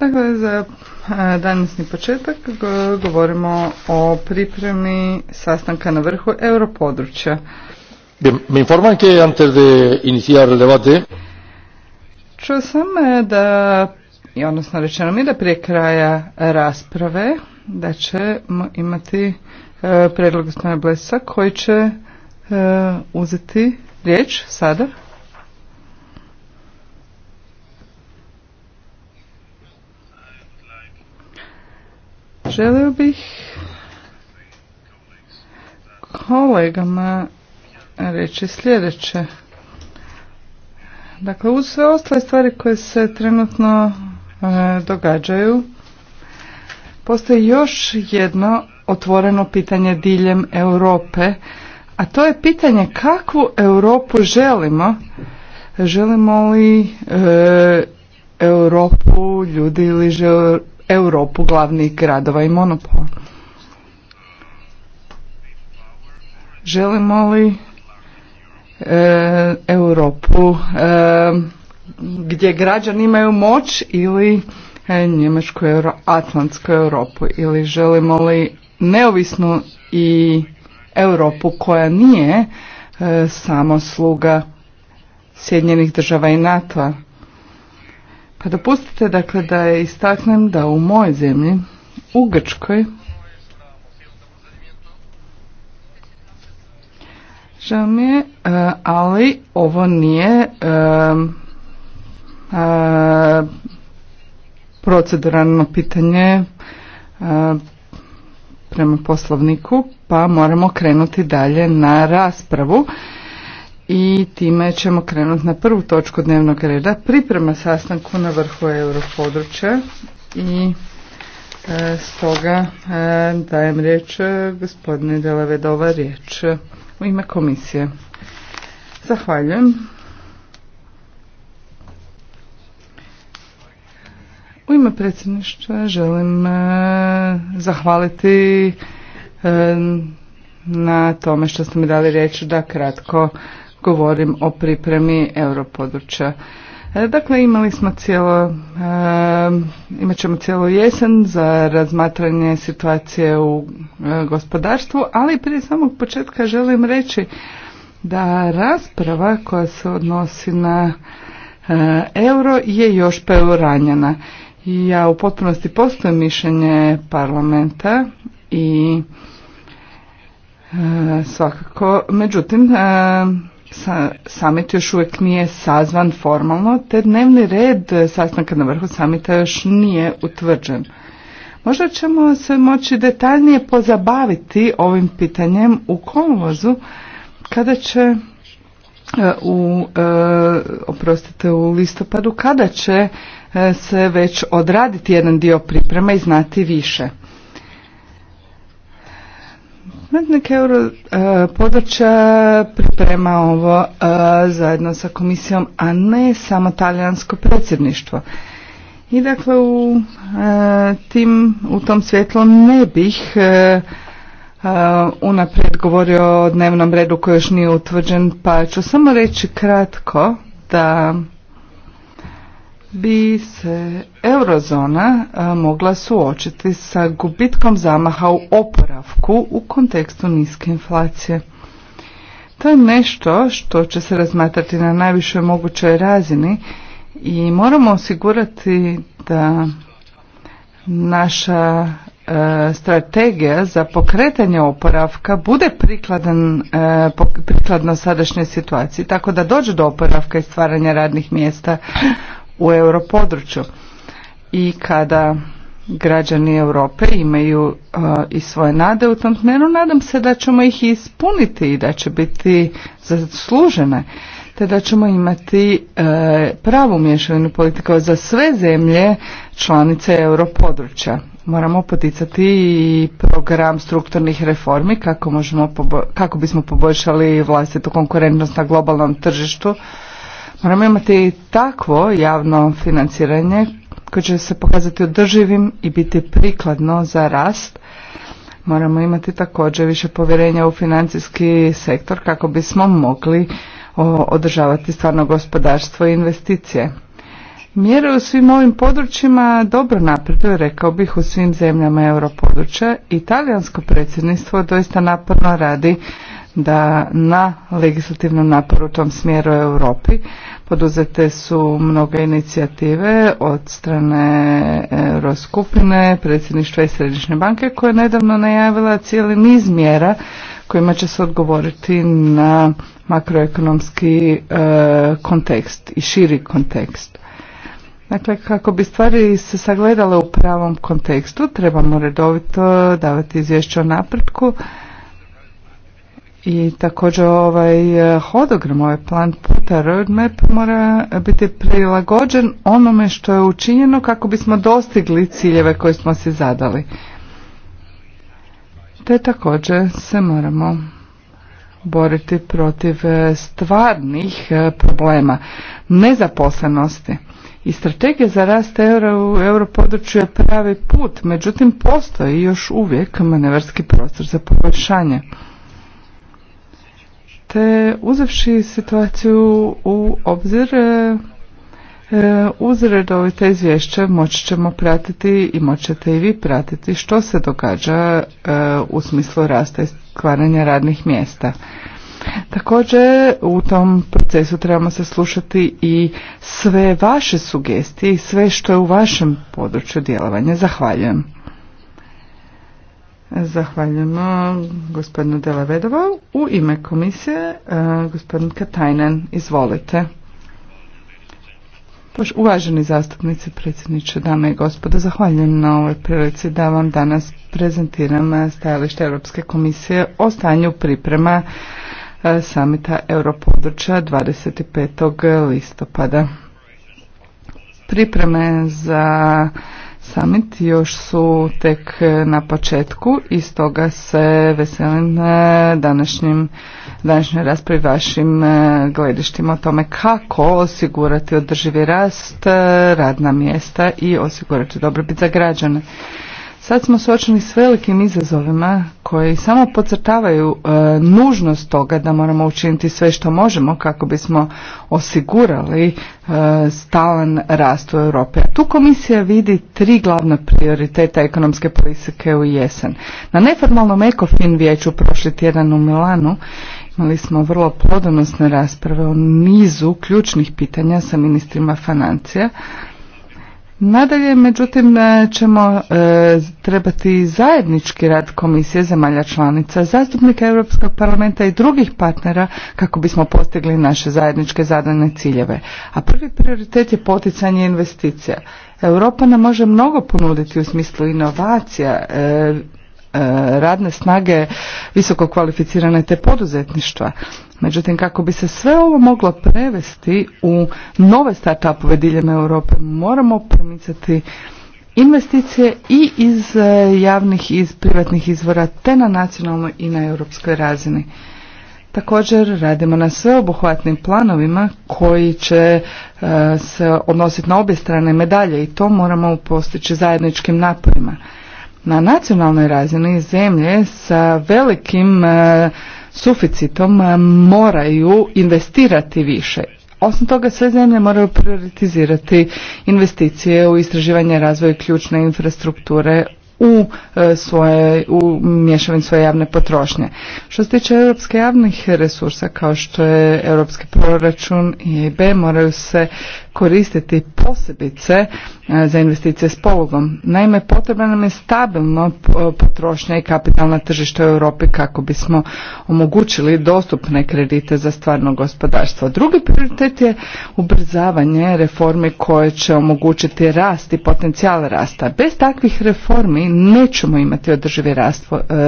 Dakle, za danasni početak govorimo o pripremi sastanka na vrhu europodručja. me informan que de iniciar el debate... Čuo sam e, da, odnosno rečeno mi da prije kraja rasprave da ćemo imati e, predlog gospodina Blesa koji će e, uzeti riječ sada. Želio bih kolegama reći sljedeće. Dakle, uz sve ostale stvari koje se trenutno e, događaju, postoji još jedno otvoreno pitanje diljem Europe, a to je pitanje kakvu Europu želimo. Želimo li e, Europu ljudi ili Europu glavnih gradova i monopola. Želimo li e, Europu e, gdje građani imaju moć ili e, Njemačku euro, Atlantsku Europu ili želimo li neovisnu i Europu koja nije e, samo sluga Sjedinjenih država i NATO-a pa dopustite dakle da je istaknem da u mojoj zemlji, u Grčkoj, Žao mi je, e, ali ovo nije procedurano e, proceduralno pitanje e, prema poslovniku, pa moramo krenuti dalje na raspravu i time ćemo krenuti na prvu točku dnevnog reda priprema sastanku na vrhu europodručja i e, stoga e, dajem riječ e, gospodine Delavedova riječ u ime komisije. Zahvaljujem. U ime predsjedništva želim zahvaliti na tome što ste mi dali riječ da kratko govorim o pripremi europodručja. E, dakle, imali smo cijelo, e, imat ćemo cijelo jesen za razmatranje situacije u e, gospodarstvu, ali prije samog početka želim reći da rasprava koja se odnosi na euro je još preuranjena. Ja u potpunosti postojem mišljenje parlamenta i svakako, međutim, Samit još uvijek nije sazvan formalno, te dnevni red sastanka na vrhu samita još nije utvrđen. Možda ćemo se moći detaljnije pozabaviti ovim pitanjem u kolovozu kada će e, u, e, oprostite, u listopadu kada će e, se već odraditi jedan dio priprema i znati više euro e, područja priprema ovo e, zajedno sa komisijom, a ne samo talijansko predsjedništvo. I dakle u, e, tim, u tom svjetlu ne bih unaprijed govorio o dnevnom redu koji još nije utvrđen, pa ću samo reći kratko da bi se eurozona mogla suočiti sa gubitkom zamaha u oporavku u kontekstu niske inflacije. To je nešto što će se razmatrati na najvišoj mogućoj razini i moramo osigurati da naša e, strategija za pokretanje oporavka bude prikladan, e, prikladno sadašnjoj situaciji, tako da dođe do oporavka i stvaranja radnih mjesta, u europodručju. I kada građani Europe imaju uh, i svoje nade u tom smjeru, nadam se da ćemo ih ispuniti i da će biti zaslužene, te da ćemo imati uh, pravu mješavinu politika za sve zemlje članice europodručja. Moramo poticati i program strukturnih reformi kako, možemo kako bismo poboljšali vlastitu konkurentnost na globalnom tržištu, Moramo imati takvo javno financiranje koje će se pokazati održivim i biti prikladno za rast. Moramo imati također više povjerenja u financijski sektor kako bismo mogli održavati stvarno gospodarstvo i investicije. Mjere u svim ovim područjima dobro napreduje, rekao bih, u svim zemljama europodručja. Italijansko predsjedništvo doista naporno radi da na legislativnom naporu u tom smjeru u Europi poduzete su mnoge inicijative od strane Euroskupine, predsjedništva i Središnje banke koja je nedavno najavila cijeli niz mjera kojima će se odgovoriti na makroekonomski e, kontekst i širi kontekst. Dakle, kako bi stvari se sagledale u pravom kontekstu, trebamo redovito davati izvješće o napretku, i također ovaj e, hodogram, ovaj plan puta roadmap mora biti prilagođen onome što je učinjeno kako bismo dostigli ciljeve koje smo si zadali. Te također se moramo boriti protiv e, stvarnih e, problema, nezaposlenosti. I strategija za rast euro u europodručju je pravi put, međutim postoji još uvijek manevarski prostor za poboljšanje te uzevši situaciju u obzir e, e, uz redovite izvješće moći ćemo pratiti i moćete i vi pratiti što se događa e, u smislu rasta i stvaranja radnih mjesta. Također u tom procesu trebamo se slušati i sve vaše sugestije i sve što je u vašem području djelovanja. Zahvaljujem. Zahvaljujemo gospodinu Delavedova. U ime komisije e, gospodin Katajnen, izvolite. Uvaženi zastupnici, predsjedniče, dame i gospodo, zahvaljujem na ovoj prilici da vam danas prezentiram stajalište Europske komisije o stanju priprema e, samita Europodručja 25. listopada. Pripreme za summit još su tek na početku i stoga se veselim e, današnjim, današnjoj raspravi vašim e, gledištima o tome kako osigurati održivi rast, e, radna mjesta i osigurati dobrobit za građane. Sad smo suočeni s velikim izazovima koji samo podcrtavaju e, nužnost toga da moramo učiniti sve što možemo kako bismo osigurali e, stalan rast u Europi. tu komisija vidi tri glavna prioriteta ekonomske politike u jesen. Na neformalnom ECOFIN vijeću prošli tjedan u Milanu imali smo vrlo plodonosne rasprave o nizu ključnih pitanja sa ministrima financija Nadalje, međutim, e, ćemo e, trebati zajednički rad Komisije zemalja članica, zastupnika Europskog parlamenta i drugih partnera kako bismo postigli naše zajedničke zadane ciljeve. A prvi prioritet je poticanje investicija. Europa nam može mnogo ponuditi u smislu inovacija, e, radne snage visoko kvalificirane te poduzetništva. Međutim, kako bi se sve ovo moglo prevesti u nove start-upove diljem Europe, moramo promicati investicije i iz e, javnih i iz privatnih izvora, te na nacionalnoj i na europskoj razini. Također radimo na sveobuhvatnim planovima koji će e, se odnositi na obje strane medalje i to moramo postići zajedničkim naporima. Na nacionalnoj razini zemlje sa velikim e, suficitom moraju investirati više. Osim toga, sve zemlje moraju prioritizirati investicije u istraživanje razvoja ključne infrastrukture u e, svoje, u mješavanju svoje javne potrošnje. Što se tiče europske javnih resursa, kao što je europski proračun i EIB, moraju se koristiti posebice e, za investicije s polugom. Naime, potrebna nam je stabilno e, potrošnja i kapitalna tržišta u Europi kako bismo omogućili dostupne kredite za stvarno gospodarstvo. Drugi prioritet je ubrzavanje reformi koje će omogućiti rast i potencijal rasta. Bez takvih reformi nećemo imati održivi e,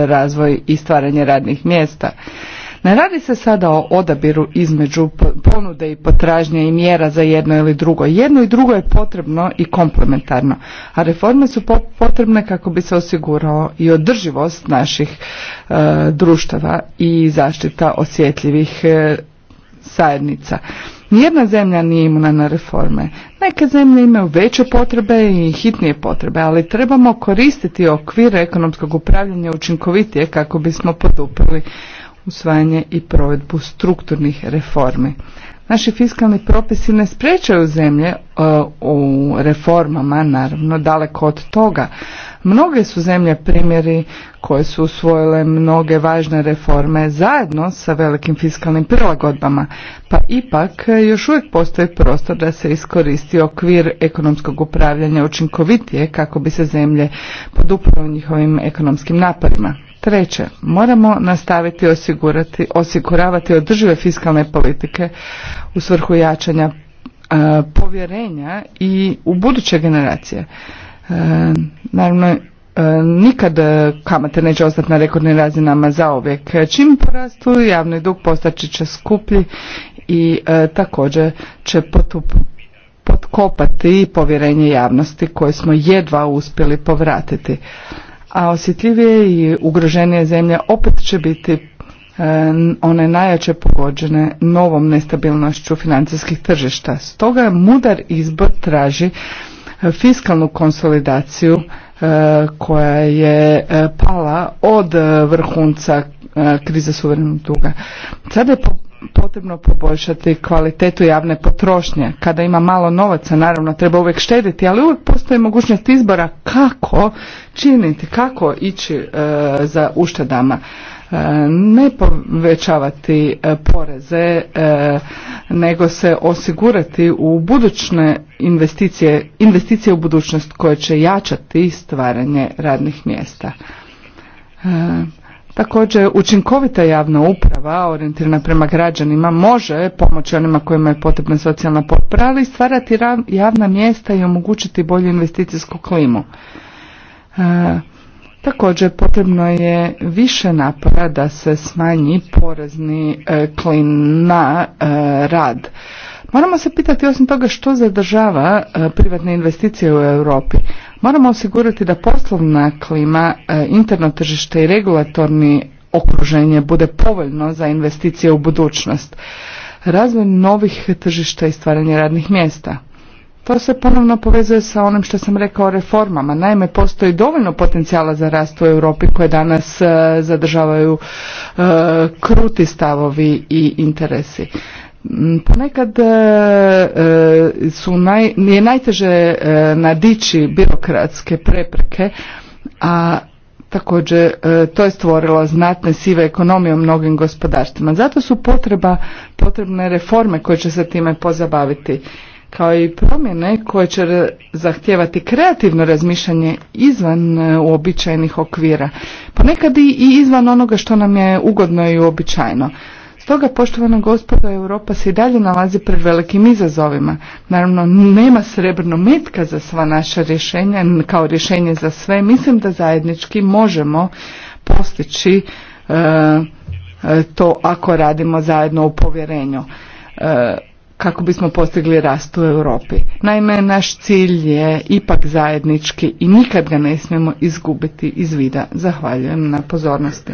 razvoj i stvaranje radnih mjesta. Ne radi se sada o odabiru između ponude i potražnje i mjera za jedno ili drugo. Jedno i drugo je potrebno i komplementarno, a reforme su potrebne kako bi se osigurao i održivost naših e, društava i zaštita osjetljivih e, zajednica. Nijedna zemlja nije imuna na reforme. Neke zemlje imaju veće potrebe i hitnije potrebe, ali trebamo koristiti okvire ekonomskog upravljanja učinkovitije kako bismo poduprli usvajanje i provedbu strukturnih reformi. Naši fiskalni propisi ne sprečaju zemlje e, u reformama, naravno daleko od toga. Mnoge su zemlje primjeri koje su usvojile mnoge važne reforme zajedno sa velikim fiskalnim prilagodbama, pa ipak još uvijek postoji prostor da se iskoristi okvir ekonomskog upravljanja učinkovitije kako bi se zemlje podupravo njihovim ekonomskim naporima. Treće, moramo nastaviti osigurati, osiguravati održive fiskalne politike u svrhu jačanja e, povjerenja i u buduće generacije. E, naravno, e, nikad kamate neće ostati na rekordnim razinama uvijek. Čim porastu javni dug postaći će skuplji i također će potup, potkopati povjerenje javnosti koje smo jedva uspjeli povratiti a osjetljivije i ugroženije zemlje opet će biti e, one najjače pogođene novom nestabilnošću financijskih tržišta. Stoga mudar izbor traži e, fiskalnu konsolidaciju e, koja je pala od vrhunca krize suverenog duga. Sada je potrebno poboljšati kvalitetu javne potrošnje. Kada ima malo novaca, naravno, treba uvijek štediti, ali uvijek postoji mogućnost izbora kako činiti, kako ići e, za uštedama. E, ne povećavati e, poreze, nego se osigurati u budućne investicije, investicije u budućnost koje će jačati stvaranje radnih mjesta. Također, učinkovita javna uprava orijentirana prema građanima može pomoći onima kojima je potrebna socijalna potpora, ali stvarati javna mjesta i omogućiti bolju investicijsku klimu. E, također, potrebno je više napora da se smanji porezni e, klin na e, rad. Moramo se pitati osim toga što zadržava e, privatne investicije u Europi, Moramo osigurati da poslovna klima, e, interno tržište i regulatorni okruženje bude povoljno za investicije u budućnost, razvoj novih tržišta i stvaranje radnih mjesta. To se ponovno povezuje sa onim što sam rekao o reformama. Naime, postoji dovoljno potencijala za rast u Europi koje danas e, zadržavaju e, kruti stavovi i interesi. Mm, ponekad e, e, su naj, je najteže e, nadići birokratske prepreke, a također to je stvorilo znatne sive ekonomije u mnogim gospodarstvima. Zato su potreba, potrebne reforme koje će se time pozabaviti kao i promjene koje će zahtijevati kreativno razmišljanje izvan uobičajenih okvira, ponekad i izvan onoga što nam je ugodno i uobičajeno. Stoga, poštovana gospodo, Europa se i dalje nalazi pred velikim izazovima. Naravno, nema srebrno metka za sva naša rješenja, kao rješenje za sve. Mislim da zajednički možemo postići e, e, to ako radimo zajedno u povjerenju e, kako bismo postigli rast u Europi. Naime, naš cilj je ipak zajednički i nikad ga ne smijemo izgubiti iz vida. Zahvaljujem na pozornosti.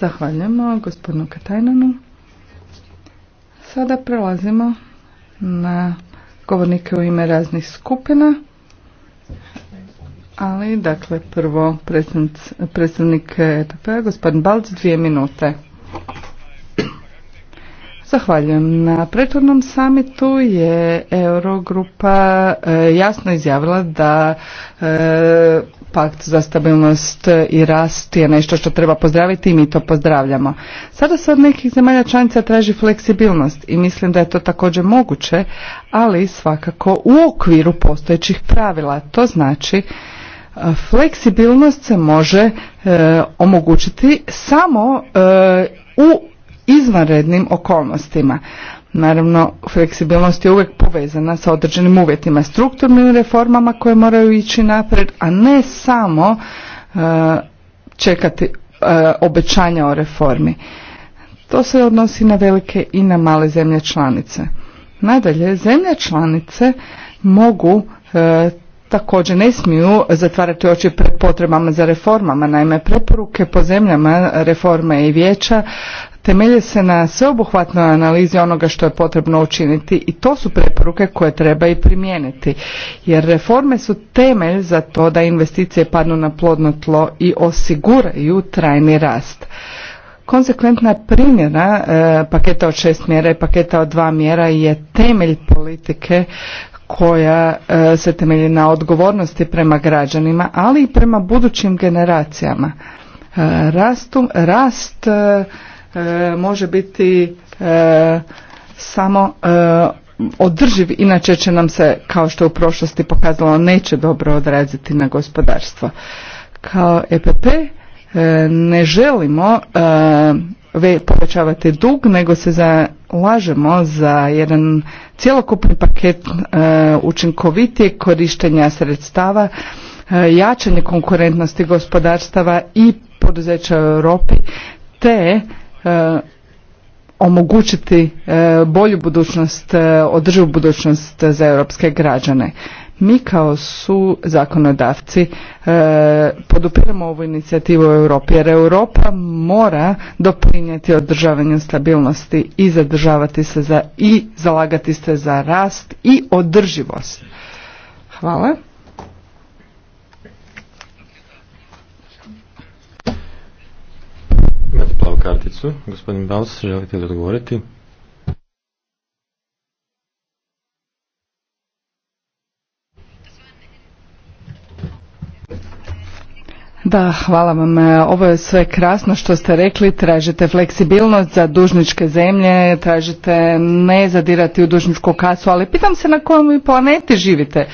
Zahvaljujemo gospodinu Katajnanu. Sada prelazimo na govornike u ime raznih skupina. Ali, dakle, prvo predstavnik ETP, gospodin Balc, dvije minute. Zahvaljujem. Na prethodnom samitu je Eurogrupa e, jasno izjavila da e, pakt za stabilnost i rast je nešto što treba pozdraviti i mi to pozdravljamo. Sada se od nekih zemalja članica traži fleksibilnost i mislim da je to također moguće, ali svakako u okviru postojećih pravila. To znači e, fleksibilnost se može omogućiti samo u izvanrednim okolnostima. Naravno, fleksibilnost je uvijek povezana sa određenim uvjetima, strukturnim reformama koje moraju ići napred, a ne samo e, čekati e, obećanja o reformi. To se odnosi na velike i na male zemlje članice. Nadalje, zemlje članice mogu e, također ne smiju zatvarati oči pred potrebama za reformama. Naime, preporuke po zemljama reforme i vijeća temelje se na sveobuhvatnoj analizi onoga što je potrebno učiniti i to su preporuke koje treba i primijeniti. Jer reforme su temelj za to da investicije padnu na plodno tlo i osiguraju trajni rast. Konsekventna primjena e, paketa od šest mjera i paketa od dva mjera je temelj politike koja e, se temelji na odgovornosti prema građanima, ali i prema budućim generacijama. E, rast E, može biti e, samo e, održiv, inače će nam se, kao što je u prošlosti pokazalo, neće dobro odraziti na gospodarstvo. Kao EPP ne želimo povećavati dug, nego se zalažemo za jedan cjelokupni paket učinkovitijeg korištenja sredstava, jačanje konkurentnosti gospodarstava i poduzeća u Europi, te E, omogućiti e, bolju budućnost, e, održivu budućnost za europske građane. Mi kao su zakonodavci podupiramo ovu inicijativu u Europi jer Europa mora doprinijeti održavanju stabilnosti i zadržavati se za i zalagati se za rast i održivost. Hvala. plavu karticu. Gospodin Baus, želite li odgovoriti? Da, hvala vam. E, ovo je sve krasno što ste rekli. Tražite fleksibilnost za dužničke zemlje, tražite ne zadirati u dužničku kasu, ali pitam se na kojem planeti živite.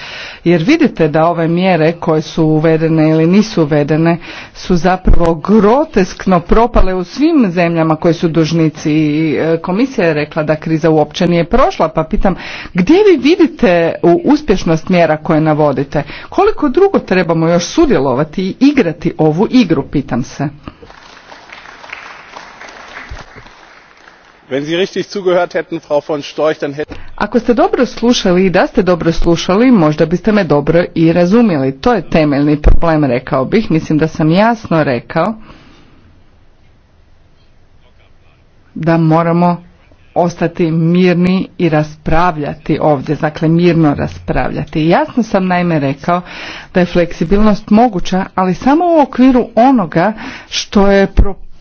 Jer vidite da ove mjere koje su uvedene ili nisu uvedene su zapravo groteskno propale u svim zemljama koje su dužnici. I e, komisija je rekla da kriza uopće nije prošla, pa pitam gdje vi vidite uspješnost mjera koje navodite? Koliko drugo trebamo još sudjelovati i igrati ovu igru, pitam se. Wenn Sie richtig zugehört hätten, Frau von Storch, dann Ako ste dobro slušali i da ste dobro slušali, možda biste me dobro i razumjeli. To je temeljni problem, rekao bih. Mislim da sam jasno rekao da moramo ostati mirni i raspravljati ovdje, dakle mirno raspravljati. Jasno sam naime rekao da je fleksibilnost moguća, ali samo u okviru onoga što je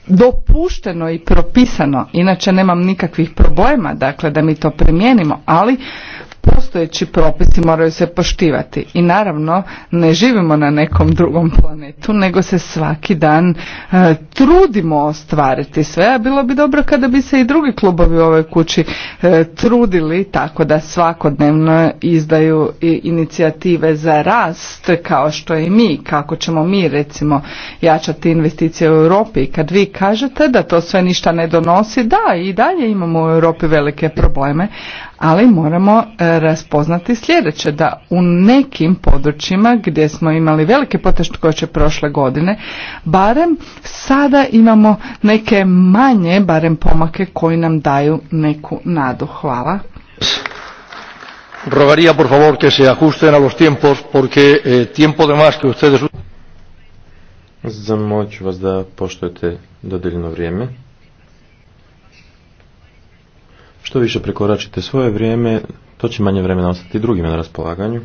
dopušteno i propisano, inače nemam nikakvih problema, dakle da mi to primijenimo, ali postojeći propisi moraju se poštivati i naravno ne živimo na nekom drugom planetu nego se svaki dan e, trudimo ostvariti sve a bilo bi dobro kada bi se i drugi klubovi u ovoj kući e, trudili tako da svakodnevno izdaju inicijative za rast kao što i mi kako ćemo mi recimo jačati investicije u Europi i kad vi kažete da to sve ništa ne donosi da i dalje imamo u Europi velike probleme ali moramo e, raspoznati sljedeće, da u nekim područjima gdje smo imali velike poteškoće prošle godine, barem sada imamo neke manje, barem pomake koji nam daju neku nadu. Hvala. Rogaría, por favor, que se ajusten a los tiempos, porque eh, tiempo de más que ustedes... Zamoću vas da poštojete dodeljeno vrijeme. Što više prekoračite svoje vrijeme, to će manje vremena ostati drugima na raspolaganju.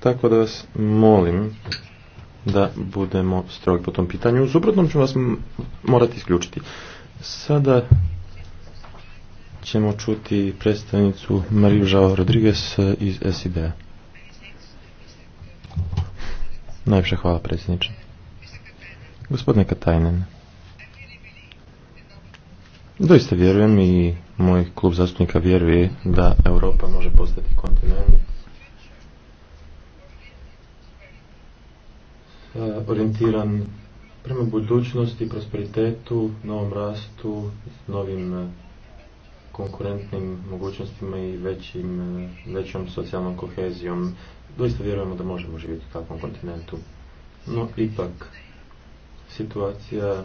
Tako da vas molim da budemo strogi po tom pitanju. U suprotnom ću vas morati isključiti. Sada ćemo čuti predstavnicu Mariju Žao Rodriguez iz SID-a. Najviše hvala predsjedniče. Gospodine Katajnen. Doista vjerujem i moj klub zastupnika vjeruje da Europa može postati kontinent e, orijentiran prema budućnosti, prosperitetu, novom rastu, novim e, konkurentnim mogućnostima i većim, e, većom socijalnom kohezijom. Doista vjerujemo da možemo živjeti u takvom kontinentu. No, ipak, situacija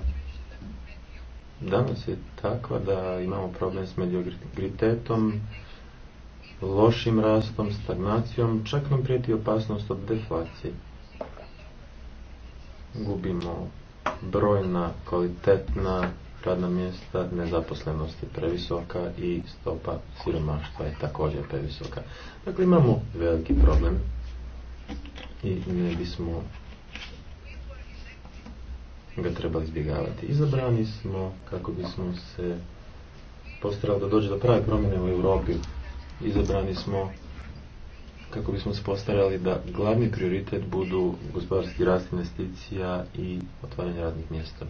danas je takva da imamo problem s mediogritetom, lošim rastom, stagnacijom, čak nam prijeti opasnost od deflacije. Gubimo brojna, kvalitetna radna mjesta, nezaposlenost je previsoka i stopa siromaštva je također previsoka. Dakle, imamo veliki problem i ne bismo ga treba izbjegavati. Izabrani smo kako bismo se postarali da dođe do prave promjene u Europi. Izabrani smo kako bismo se postarali da glavni prioritet budu gospodarski rast investicija i otvaranje radnih mjesta.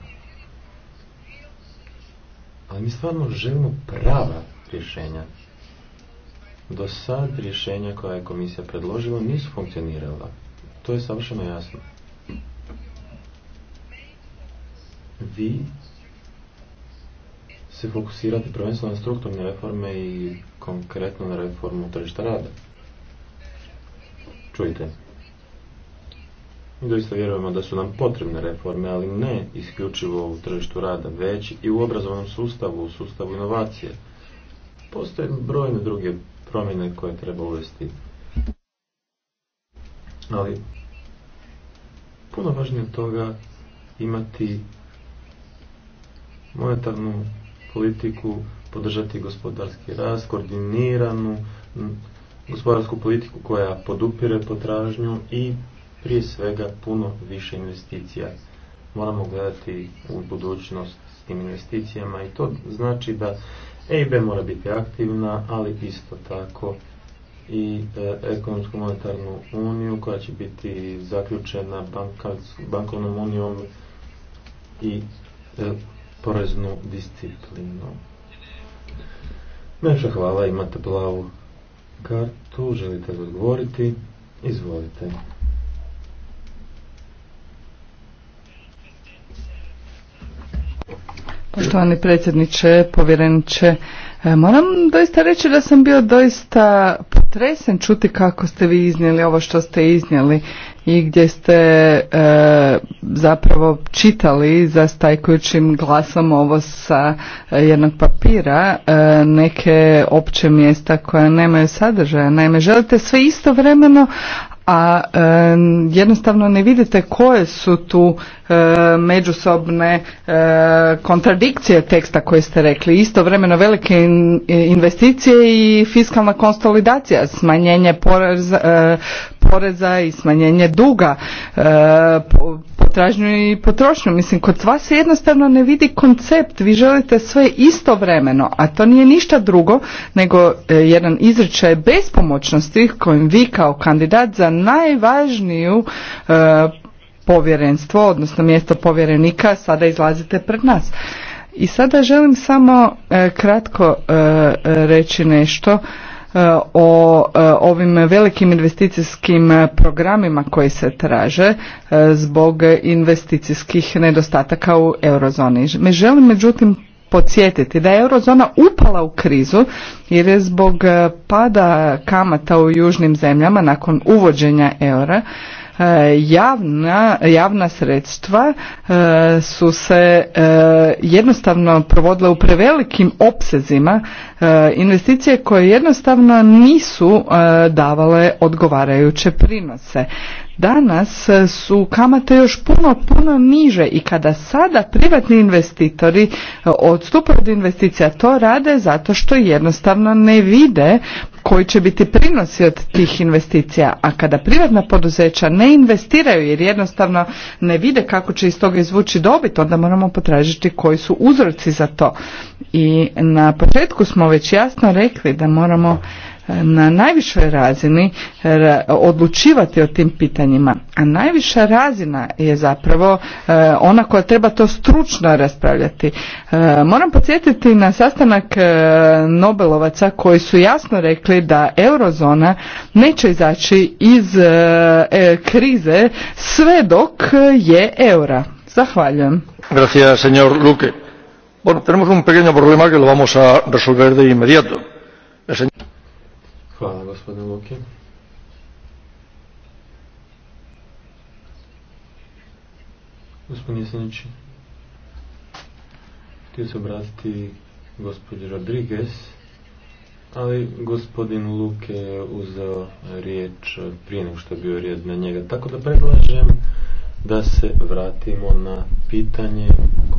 Ali mi stvarno želimo prava rješenja. Do sad rješenja koja je komisija predložila nisu funkcionirala. To je savršeno jasno. vi se fokusirate prvenstveno na strukturne reforme i konkretno na reformu tržišta rada. Čujte, mi doista vjerujemo da su nam potrebne reforme, ali ne isključivo u tržištu rada, već i u obrazovnom sustavu, u sustavu inovacije. Postoje brojne druge promjene koje treba uvesti. Ali, puno važnije od toga imati monetarnu politiku, podržati gospodarski rast, koordiniranu gospodarsku politiku koja podupire potražnju i prije svega puno više investicija. Moramo gledati u budućnost s tim investicijama i to znači da EIB mora biti aktivna, ali isto tako i e, ekonomsku monetarnu uniju koja će biti zaključena bankovnom unijom i e, poreznu disciplinu. Najviše hvala, imate plavu kartu, želite li odgovoriti? Izvolite. Poštovani predsjedniče, povjereniče, e, moram doista reći da sam bio doista potresen čuti kako ste vi iznijeli ovo što ste iznijeli i gdje ste e, zapravo čitali za stajkujućim glasom ovo sa e, jednog papira e, neke opće mjesta koja nemaju sadržaja. Naime, želite sve istovremeno, a e, jednostavno ne vidite koje su tu e, međusobne e, kontradikcije teksta koje ste rekli. Istovremeno velike investicije i fiskalna konsolidacija, smanjenje poreza, poreza i smanjenje duga, po, potražnju i potrošnju. Mislim, kod vas se jednostavno ne vidi koncept. Vi želite sve istovremeno, a to nije ništa drugo nego e, jedan izričaj bespomoćnosti kojim vi kao kandidat za najvažniju e, povjerenstvo, odnosno mjesto povjerenika, sada izlazite pred nas. I sada želim samo e, kratko reći nešto E, o e, ovim velikim investicijskim programima koji se traže e, zbog investicijskih nedostataka u eurozoni. Me želim međutim podsjetiti da je eurozona upala u krizu jer je zbog pada kamata u južnim zemljama nakon uvođenja eura E, javna, javna sredstva e, su se e, jednostavno provodile u prevelikim opsezima investicije koje jednostavno nisu davale odgovarajuće prinose. Danas e, su kamate još puno, puno niže i kada sada privatni investitori e, odstupaju od investicija, to rade zato što jednostavno ne vide koji će biti prinosi od tih investicija, a kada privatna poduzeća ne investiraju jer jednostavno ne vide kako će iz toga izvući dobit, onda moramo potražiti koji su uzroci za to. I na početku smo već jasno rekli da moramo na najvišoj razini odlučivati o tim pitanjima. A najviša razina je zapravo e, ona koja treba to stručno raspravljati. E, moram podsjetiti na sastanak e, Nobelovaca koji su jasno rekli da eurozona neće izaći iz krize sve dok je eura. Zahvaljujem. Gracias, señor Luque. Bueno, tenemos un pequeño problema que lo vamos a resolver de inmediato. El señor... Hvala gospodine Luki. Gospodin Jesenić, htio se obratiti gospodin Rodriguez, ali gospodin Luke je uzeo riječ prije nego što je bio riječ na njega. Tako da predlažem da se vratimo na pitanje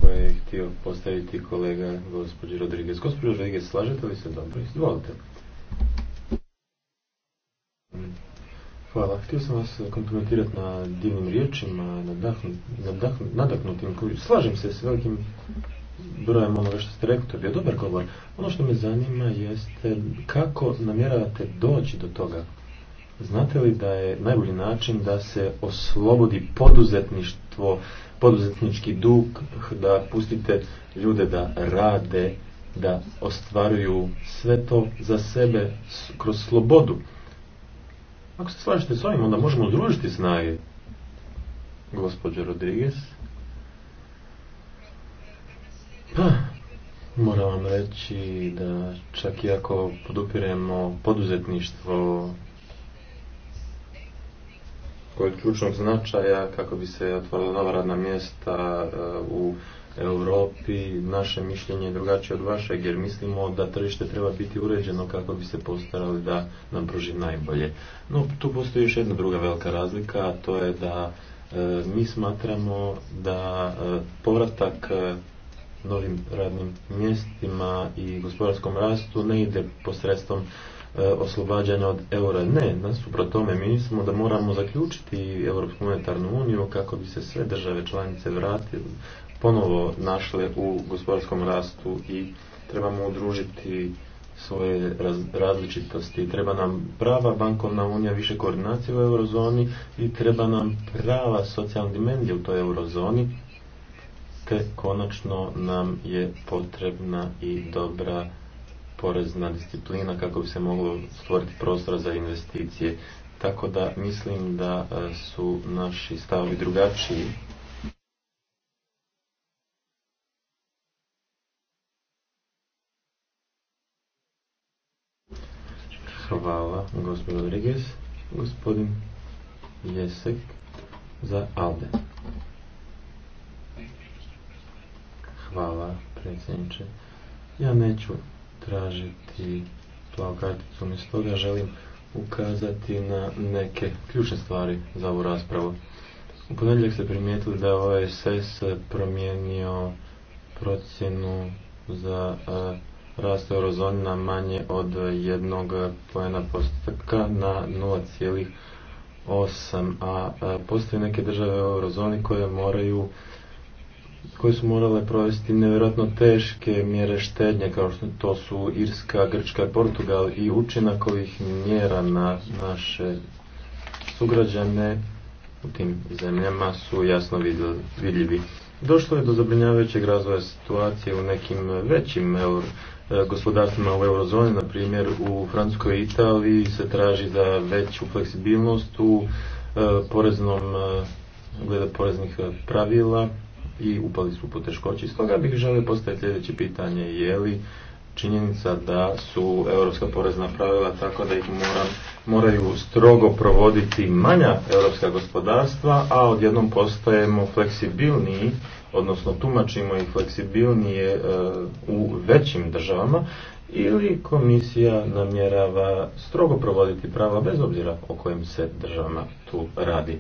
koje je htio postaviti kolega gospodin Rodriguez. Gospodin Rodriguez, slažete li se dobro? Izvolite. Hvala. Htio sam vas komplementirati na divnim riječima, nadahnutim koji slažem se s velikim brojem onoga što ste rekli, to je bio dobar govor. Ono što me zanima jeste kako namjeravate doći do toga. Znate li da je najbolji način da se oslobodi poduzetništvo, poduzetnički dug, da pustite ljude da rade, da ostvaruju sve to za sebe kroz slobodu? Ako se slažete s ovim, onda možemo družiti snage. Gospođo Rodriguez. Pa, moram vam reći da čak i ako podupiremo poduzetništvo koje je ključnog značaja kako bi se otvorila nova radna mjesta e, u Europi naše mišljenje je drugačije od vašeg jer mislimo da tržište treba biti uređeno kako bi se postarali da nam pruži najbolje. No tu postoji još jedna druga velika razlika, a to je da e, mi smatramo da e, povratak e, novim radnim mjestima i gospodarskom rastu ne ide posredstvom oslobađanja od eura. Ne, nasuprot tome, mi mislimo da moramo zaključiti Europsku monetarnu uniju kako bi se sve države članice vratili, ponovo našle u gospodarskom rastu i trebamo udružiti svoje različitosti. Treba nam prava bankovna unija, više koordinacije u eurozoni i treba nam prava socijalna dimenzija u toj eurozoni, te konačno nam je potrebna i dobra porezna disciplina kako bi se moglo stvoriti prostora za investicije. Tako da mislim da e, su naši stavovi drugačiji Hvala, gospod Rodriguez. Gospodin Jesek za Alde. Hvala, predsjedniče. Ja neću tražiti plavu karticu, mi stoga želim ukazati na neke ključne stvari za ovu raspravu. U ponedjeljak ste primijetili da je OSS promijenio procjenu za raste eurozoni na manje od jednog pojena postotka na 0,8, a postoje neke države u eurozoni koje moraju koje su morale provesti nevjerojatno teške mjere štednje kao što to su Irska, Grčka i Portugal i učinak ovih mjera na naše sugrađane u tim zemljama su jasno vidljivi. Došlo je do zabrinjavajućeg razvoja situacije u nekim većim E, gospodarstvima u eurozoni, na primjer u Francuskoj i Italiji se traži za veću fleksibilnost u e, poreznom e, gleda poreznih pravila i upali su u poteškoći. Stoga bih želio postaviti sljedeće pitanje, je li činjenica da su europska porezna pravila tako da ih mora, moraju strogo provoditi manja europska gospodarstva, a odjednom postajemo fleksibilniji, odnosno tumačimo ih fleksibilnije e, u većim državama, ili komisija namjerava strogo provoditi prava bez obzira o kojim se državama tu radi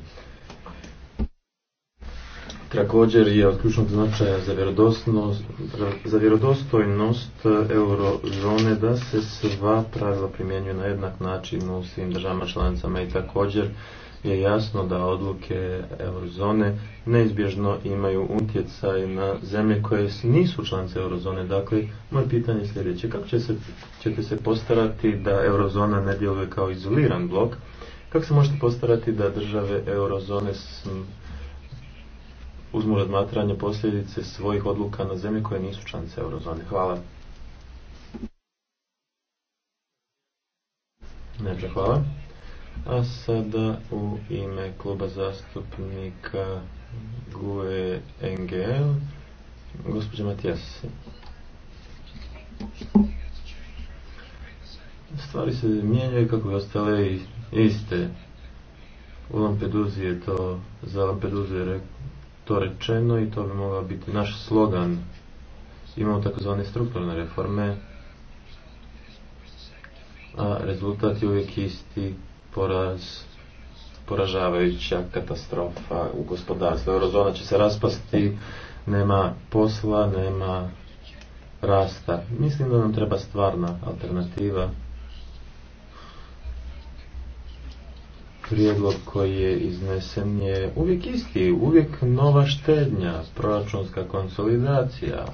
također je od ključnog značaja za vjerodostojnost, za vjerodostojnost e, eurozone da se sva pravila primjenjuju na jednak način u svim državama članicama i također je jasno da odluke eurozone neizbježno imaju utjecaj na zemlje koje nisu članice eurozone. Dakle, moje pitanje je sljedeće. Kako će se, ćete se postarati da eurozona ne djeluje kao izoliran blok? Kako se možete postarati da države eurozone uzmu razmatranje posljedice svojih odluka na zemlje koje nisu članice eurozone. Hvala. Najprej hvala. A sada u ime kluba zastupnika GUE NGL, gospođa Matijas. Stvari se mijenjaju kako bi ostale iste. U Lampeduzi je to, za Lampeduzu je to rečeno i to bi mogao biti naš slogan. Imamo takozvane strukturne reforme, a rezultat je uvijek isti poraz poražavajuća katastrofa u gospodarstvu. Eurozona će se raspasti, nema posla, nema rasta. Mislim da nam treba stvarna alternativa prijedlog koji je iznesen je uvijek isti, uvijek nova štednja, proračunska konsolidacija.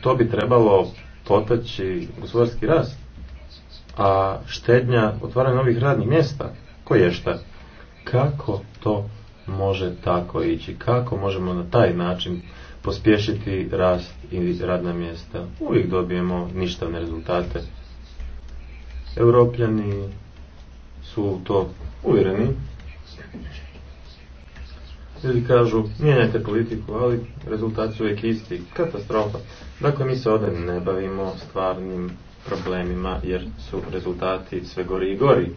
To bi trebalo potaći gospodarski rast. A štednja otvara novih radnih mjesta, koje je šta? Kako to može tako ići? Kako možemo na taj način pospješiti rast i radna mjesta? Uvijek dobijemo ništavne rezultate. Europljani su to uvjereni. Ljudi kažu, mijenjajte politiku, ali rezultat su uvijek isti. Katastrofa. Dakle, mi se ovdje ne bavimo stvarnim problemima, jer su rezultati sve gori i gori.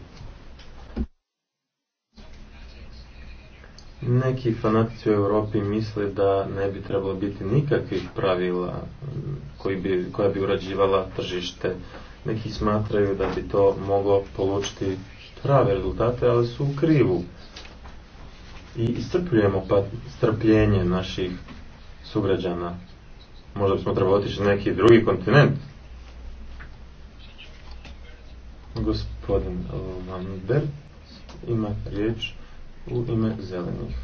Neki fanatici u Europi misle da ne bi trebalo biti nikakvih pravila mm, koji bi, koja bi urađivala tržište. Neki smatraju da bi to moglo polučiti prave rezultate, ali su u krivu. I iscrpljujemo pa strpljenje naših sugrađana. Možda bismo trebali otići na neki drugi kontinent. Gospodin Lambert ima riječ u ime zelenih.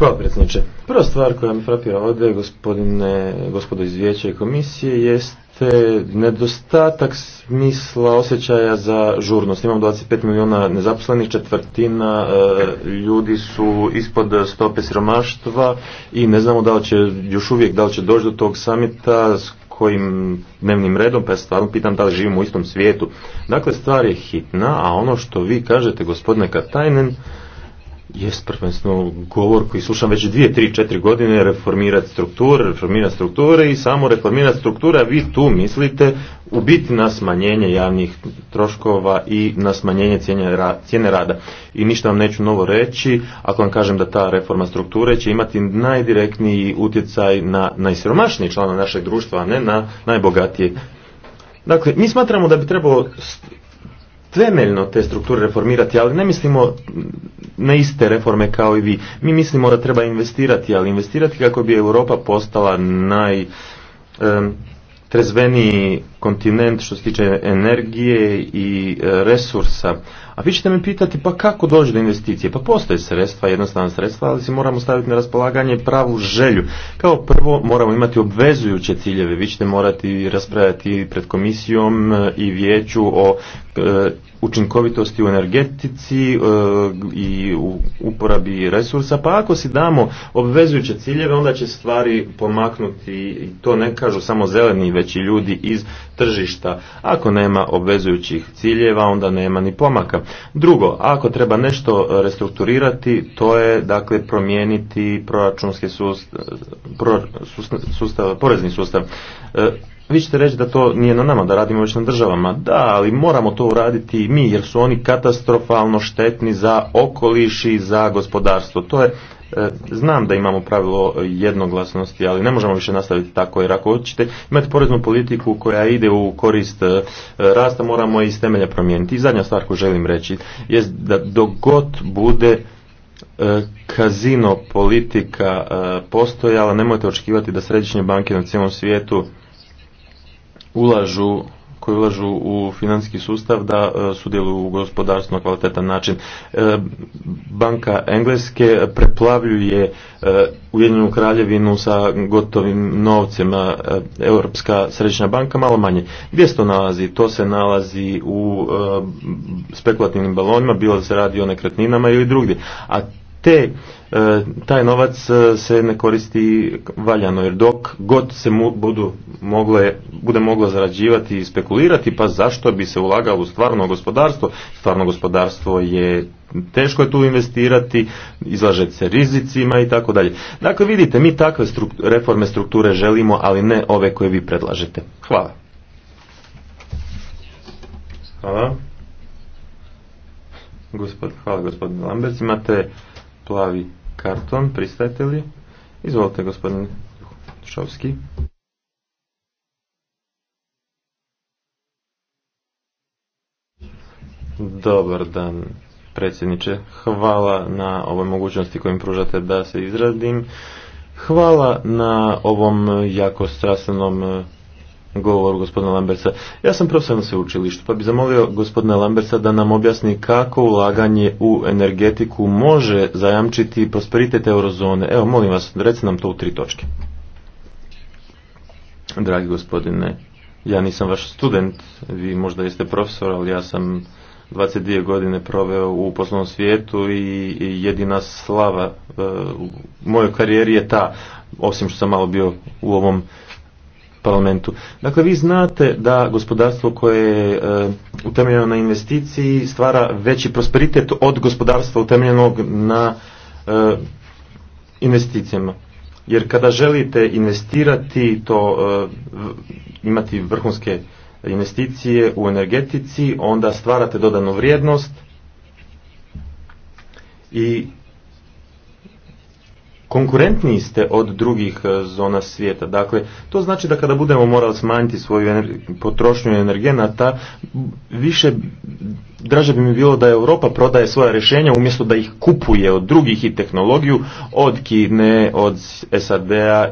Hvala predsjedniče. Prva stvar koja mi frapira ovdje, gospodine, gospodo iz vijeća komisije, jeste nedostatak smisla osjećaja za žurnost. Imamo 25 milijuna nezaposlenih, četvrtina e, ljudi su ispod stope siromaštva i ne znamo da li će još uvijek da li će doći do tog samita s kojim dnevnim redom, pa ja stvarno pitam da li živimo u istom svijetu. Dakle, stvar je hitna, a ono što vi kažete, gospodine Katajnen, jest prvenstveno govor koji slušam već dvije, tri, četiri godine reformirati strukture, reformirati strukture i samo reformirati strukture, a vi tu mislite u biti na smanjenje javnih troškova i na smanjenje cijene rada. I ništa vam neću novo reći ako vam kažem da ta reforma strukture će imati najdirektniji utjecaj na najsiromašniji člana našeg društva, a ne na najbogatije. Dakle, mi smatramo da bi trebalo temeljno te strukture reformirati, ali ne mislimo na iste reforme kao i vi. Mi mislimo da treba investirati, ali investirati kako bi Europa postala naj trezveniji kontinent što se tiče energije i e, resursa, a vi ćete me pitati pa kako doći do investicije? Pa postoje sredstva, jednostavna sredstva, ali si moramo staviti na raspolaganje pravu želju. Kao prvo moramo imati obvezujuće ciljeve. Vi ćete morati raspravljati pred komisijom e, i vijeću o e, učinkovitosti u energetici e, i u uporabi resursa. Pa ako si damo obvezujuće ciljeve, onda će stvari pomaknuti. I to ne kažu samo zeleni, već i ljudi iz tržišta. Ako nema obvezujućih ciljeva, onda nema ni pomaka. Drugo, ako treba nešto restrukturirati, to je dakle promijeniti proračunski sustav, porezni sustav. E, vi ćete reći da to nije na nama, da radimo već na državama. Da, ali moramo to uraditi i mi, jer su oni katastrofalno štetni za okoliš i za gospodarstvo. To je E, znam da imamo pravilo jednoglasnosti, ali ne možemo više nastaviti tako, jer ako hoćete imati poreznu politiku koja ide u korist e, rasta, moramo iz temelja promijeniti. I zadnja stvar koju želim reći je da dogod bude e, kazino politika postojala, nemojte očekivati da središnje banke na cijelom svijetu ulažu koji ulažu u financijski sustav da e, sudjeluju u gospodarstvu na kvalitetan način. E, banka Engleske preplavljuje e, Ujedinjenu kraljevinu sa gotovim novcem Europska središnja banka malo manje. Gdje se to nalazi? To se nalazi u spekulativnim balonima, bilo da se radi o nekretninama ili drugdje. A te E, taj novac e, se ne koristi valjano, jer dok god se budu mogle, bude moglo zarađivati i spekulirati, pa zašto bi se ulagalo u stvarno gospodarstvo? Stvarno gospodarstvo je teško je tu investirati, izlaže se rizicima i tako dalje. Dakle, vidite, mi takve reforme strukture želimo, ali ne ove koje vi predlažete. Hvala. Hvala. Gospod, hvala Lambert. Imate plavi karton, pristajete li? Izvolite, gospodin Šovski. Dobar dan, predsjedniče. Hvala na ovoj mogućnosti kojim pružate da se izradim. Hvala na ovom jako strasnom govoru, gospodina Lambersa. Ja sam profesor na sveučilištu, pa bi zamolio gospodina Lambersa da nam objasni kako ulaganje u energetiku može zajamčiti prosperitet eurozone. Evo, molim vas, reci nam to u tri točke. Dragi gospodine, ja nisam vaš student, vi možda jeste profesor, ali ja sam 22 godine proveo u poslovnom svijetu i jedina slava e, u mojoj karijeri je ta, osim što sam malo bio u ovom parlamentu. Dakle, vi znate da gospodarstvo koje je utemeljeno na investiciji stvara veći prosperitet od gospodarstva utemeljenog na e, investicijama. Jer kada želite investirati, to e, imati vrhunske investicije u energetici, onda stvarate dodanu vrijednost i konkurentniji ste od drugih e, zona svijeta. Dakle, to znači da kada budemo morali smanjiti svoju potrošnju energenata, više draže bi mi bilo da Europa prodaje svoja rješenja umjesto da ih kupuje od drugih i tehnologiju, od Kine, od SAD-a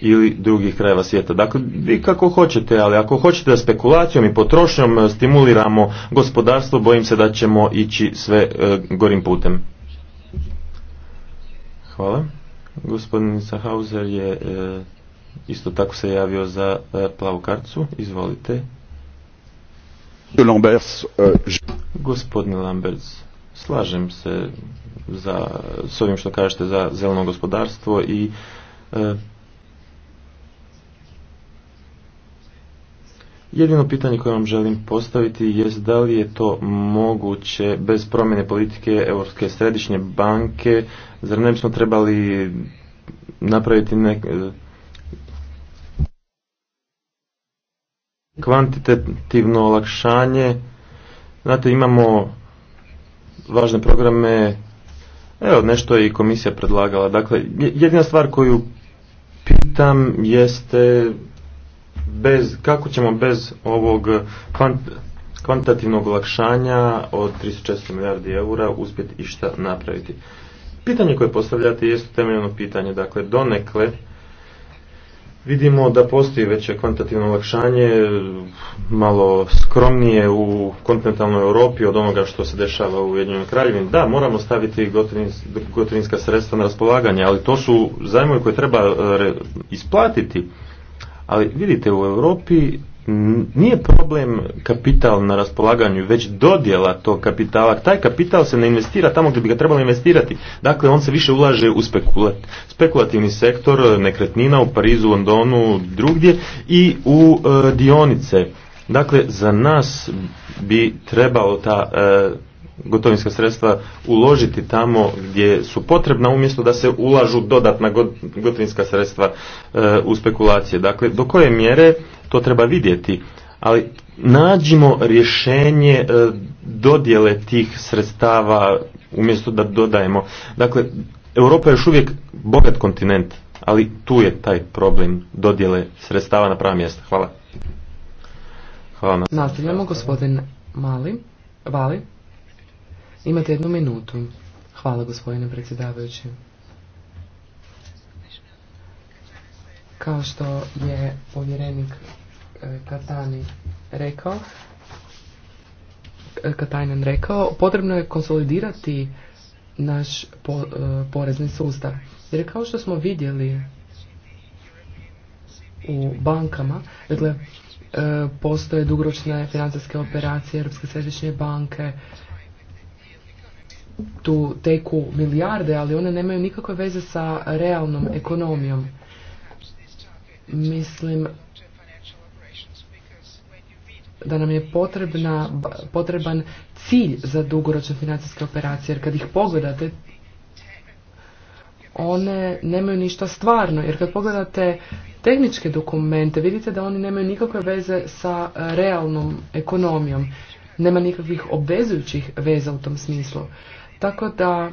ili drugih krajeva svijeta. Dakle, vi kako hoćete, ali ako hoćete da spekulacijom i potrošnjom e, stimuliramo gospodarstvo, bojim se da ćemo ići sve e, gorim putem. Hvala. Gospodin Sahauser je e, isto tako se javio za e, plavu karcu. Izvolite. Lamberts, e... Gospodin Lamberts, slažem se za, s ovim što kažete za zeleno gospodarstvo i e, Jedino pitanje koje vam želim postaviti je da li je to moguće bez promjene politike Europske središnje banke, zar ne bismo trebali napraviti nek... kvantitativno olakšanje. Znate, imamo važne programe, evo nešto je i komisija predlagala. Dakle, jedina stvar koju pitam jeste bez, kako ćemo bez ovog eh, kvant, kvantitativnog olakšanja od 36 milijardi eura uspjeti išta napraviti. Pitanje koje postavljate je temeljno pitanje, dakle donekle vidimo da postoji veće kvantitativno olakšanje, malo skromnije u kontinentalnoj Europi od onoga što se dešava u Ujedinjenoj Kraljevini. Da, moramo staviti gotovinska sredstva na raspolaganje, ali to su zajmovi koje treba eh, isplatiti ali vidite, u Europi nije problem kapital na raspolaganju, već dodjela tog kapitala. Taj kapital se ne investira tamo gdje bi ga trebalo investirati. Dakle, on se više ulaže u spekulat, spekulativni sektor nekretnina u Parizu, Londonu, drugdje i u e, dionice. Dakle, za nas bi trebao ta e, gotovinska sredstva uložiti tamo gdje su potrebna umjesto da se ulažu dodatna gotovinska sredstva e, u spekulacije. Dakle, do koje mjere to treba vidjeti, ali nađimo rješenje e, dodjele tih sredstava umjesto da dodajemo. Dakle, Europa je još uvijek bogat kontinent, ali tu je taj problem dodjele sredstava na prava mjesta. Hvala. Hvala. Nastavljamo gospodin Mali. Vali. Imate jednu minutu. Hvala gospodine predsjedavajući. Kao što je povjerenik e, Katani rekao, e, Katajnen rekao, potrebno je konsolidirati naš e, porezni sustav. Jer kao što smo vidjeli u bankama, dakle, postoje dugoročne financijske operacije Europske središnje banke, tu teku milijarde, ali one nemaju nikakve veze sa realnom ekonomijom. Mislim da nam je potrebna, potreban cilj za dugoročne financijske operacije, jer kad ih pogledate, one nemaju ništa stvarno, jer kad pogledate tehničke dokumente, vidite da oni nemaju nikakve veze sa realnom ekonomijom. Nema nikakvih obvezujućih veza u tom smislu. Tako da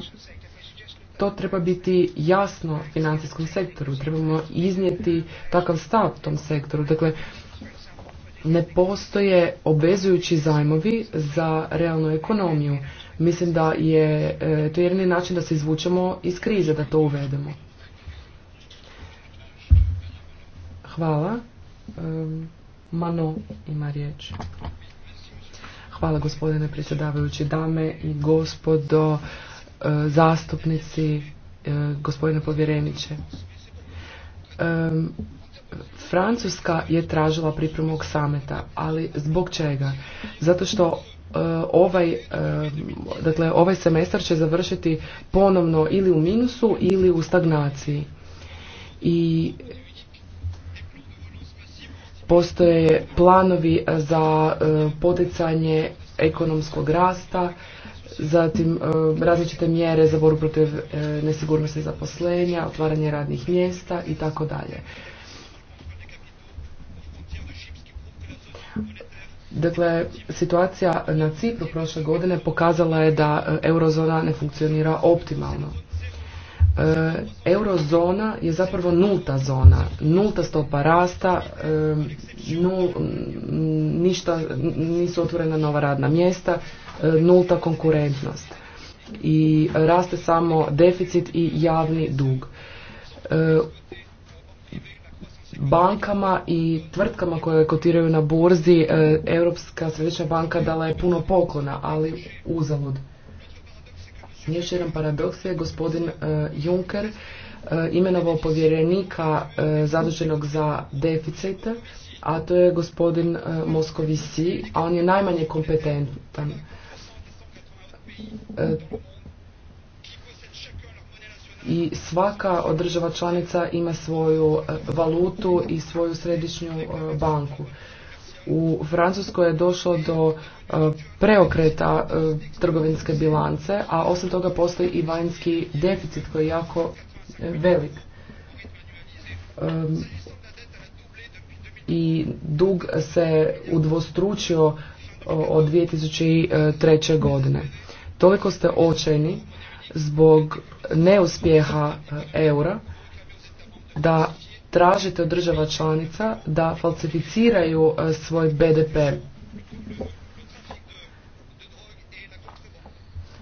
to treba biti jasno financijskom sektoru. Trebamo iznijeti takav stav tom sektoru. Dakle, ne postoje obvezujući zajmovi za realnu ekonomiju. Mislim da je e, to jedini način da se izvučemo iz krize, da to uvedemo. Hvala. E, Mano ima riječ. Hvala gospodine predsjedavajući dame i gospodo e, zastupnici, e, gospodine povjereniče. E, Francuska je tražila pripremog sameta, ali zbog čega? Zato što ovaj, dakle, ovaj semestar će završiti ponovno ili u minusu ili u stagnaciji. I postoje planovi e, za e, poticanje ekonomskog rasta, zatim e, različite mjere za borbu protiv nesigurnosti zaposlenja, otvaranje radnih mjesta i tako dalje. Dakle, situacija na Cipru prošle godine pokazala je da eurozona ne funkcionira optimalno. E, eurozona je zapravo nulta zona, nulta stopa rasta, e, nul, ništa, nisu otvorena nova radna mjesta, e, nulta konkurentnost i raste samo deficit i javni dug. Bankama i tvrtkama koje kotiraju na burzi Europska središnja banka dala je puno poklona, ali uzalud. Još jedan paradoks je gospodin e, Juncker e, imenovao povjerenika e, zaduženog za deficit, a to je gospodin Moskovici, a on je najmanje kompetentan. I svaka od država članica ima svoju valutu i svoju središnju banku. U Francuskoj je došlo do e, preokreta e, trgovinske bilance, a osim toga postoji i vanjski deficit koji je jako e, velik. I dug se udvostručio od 2003. godine. Toliko ste očajni zbog neuspjeha eura da tražite od država članica da falsificiraju e, svoj BDP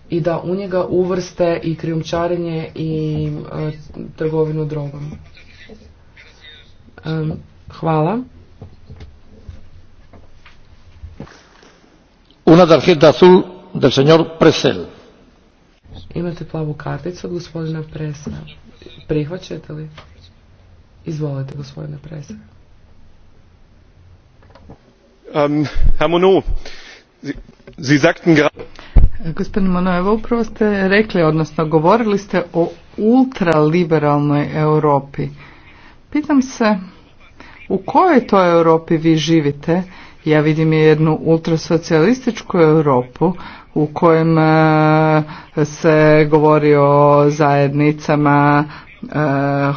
i da u njega uvrste i krijumčarenje i e, trgovinu drogom. hvala. Una tarjeta azul del señor Presel. Imate plavu karticu gospodina Presna. Prihvaćate li? Izvolite, gospodine Presa. Um, Herr Monod, Sie, upravo ste rekli, odnosno govorili ste o ultraliberalnoj Europi. Pitam se, u kojoj to Europi vi živite? Ja vidim jednu ultrasocijalističku Europu u kojem eh, se govori o zajednicama E,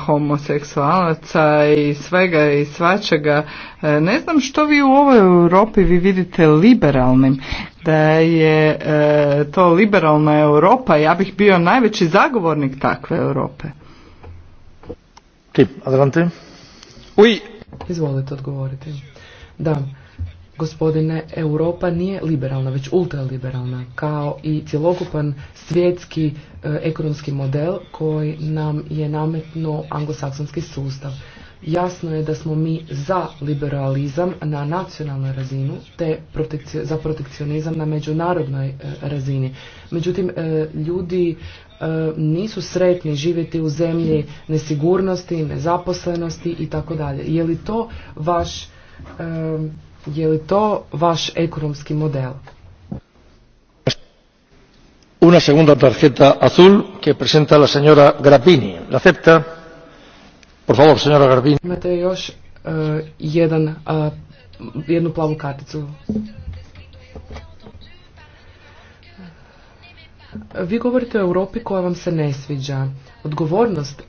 homoseksualaca i svega i svačega. E, ne znam što vi u ovoj Europi vi vidite liberalnim. Da je e, to liberalna Europa, ja bih bio najveći zagovornik takve Europe. Tip, Izvolite odgovoriti. Da, gospodine, Europa nije liberalna, već ultraliberalna, kao i cjelokupan svjetski e, ekonomski model koji nam je nametno anglosaksonski sustav. Jasno je da smo mi za liberalizam na nacionalnoj razinu te za protekcionizam na međunarodnoj e, razini. Međutim, e, ljudi nisu sretni živjeti u zemlji nesigurnosti, nezaposlenosti i tako dalje. Je li to vaš je li to vaš ekonomski model? Una segunda tarjeta azul que presenta la señora Grappini. La acepta? Por favor, señora Grappini. Imate još uh, jedan, uh, jednu plavu karticu. Vi govorite o Europi koja vam se ne sviđa. Odgovornost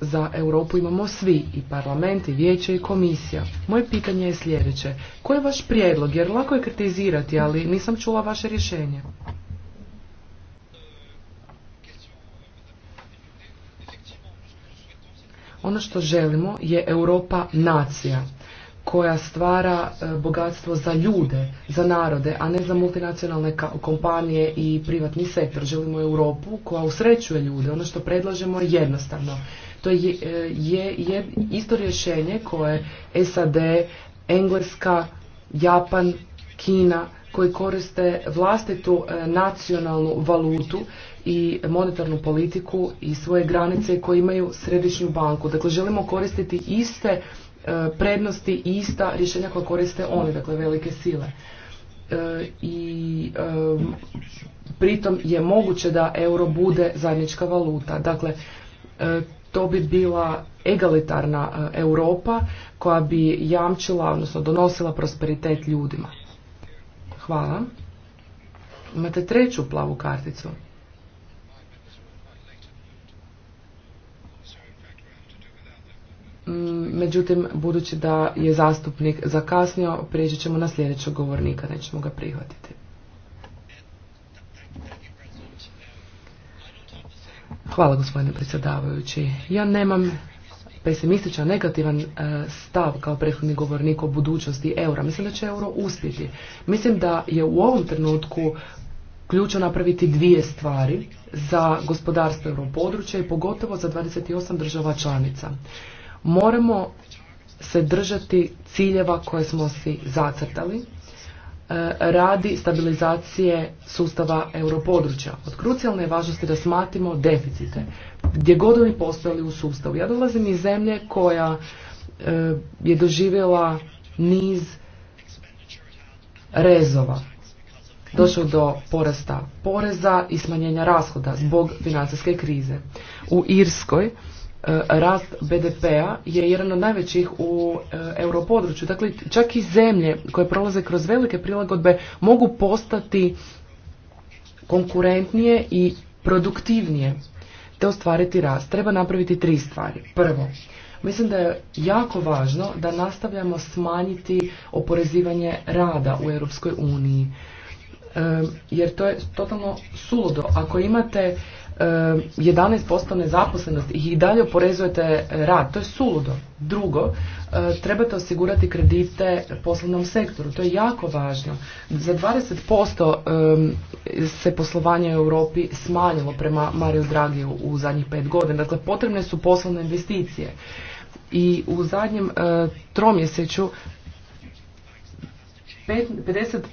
za Europu imamo svi, i parlament, i vijeće, i komisija. Moje pitanje je sljedeće. Koji je vaš prijedlog? Jer lako je kritizirati, ali nisam čula vaše rješenje. Ono što želimo je Europa nacija koja stvara e, bogatstvo za ljude, za narode, a ne za multinacionalne kompanije i privatni sektor. Želimo Europu koja usrećuje ljude. Ono što predlažemo je jednostavno. To je, e, je, je isto rješenje koje SAD, Engleska, Japan, Kina koji koriste vlastitu e, nacionalnu valutu i monetarnu politiku i svoje granice koje imaju središnju banku. Dakle, želimo koristiti iste E, prednosti i ista rješenja koja koriste oni, dakle velike sile. E, I e, pritom je moguće da euro bude zajednička valuta. Dakle, to bi bila egalitarna Europa koja bi jamčila, odnosno donosila prosperitet ljudima. Hvala. Imate treću plavu karticu. Mm, međutim, budući da je zastupnik zakasnio, prijeći ćemo na sljedećeg govornika, nećemo ga prihvatiti. Hvala gospodine predsjedavajući. Ja nemam pesimističan, negativan e, stav kao prethodni govornik o budućnosti eura. Mislim da će euro uspjeti. Mislim da je u ovom trenutku ključno napraviti dvije stvari za gospodarstvo europodručja i pogotovo za 28 država članica. Moramo se držati ciljeva koje smo si zacrtali e, radi stabilizacije sustava europodručja. Od krucijalne je važnosti da smatimo deficite, gdje god oni postojali u sustavu. Ja dolazim iz zemlje koja e, je doživjela niz rezova. Došlo do porasta poreza i smanjenja rashoda zbog financijske krize. U Irskoj E, rast BDP-a je jedan od najvećih u e, europodručju. Dakle, čak i zemlje koje prolaze kroz velike prilagodbe mogu postati konkurentnije i produktivnije te ostvariti rast. Treba napraviti tri stvari. Prvo, mislim da je jako važno da nastavljamo smanjiti oporezivanje rada u Europskoj uniji. E, jer to je totalno suludo. Ako imate 11% nezaposlenosti i dalje oporezujete rad. To je suludo. Drugo, e, trebate osigurati kredite poslovnom sektoru. To je jako važno. Za 20% e, se poslovanje u Europi smanjilo prema Mariju Dragiju u zadnjih pet godina. Dakle, potrebne su poslovne investicije. I u zadnjem e, tromjeseću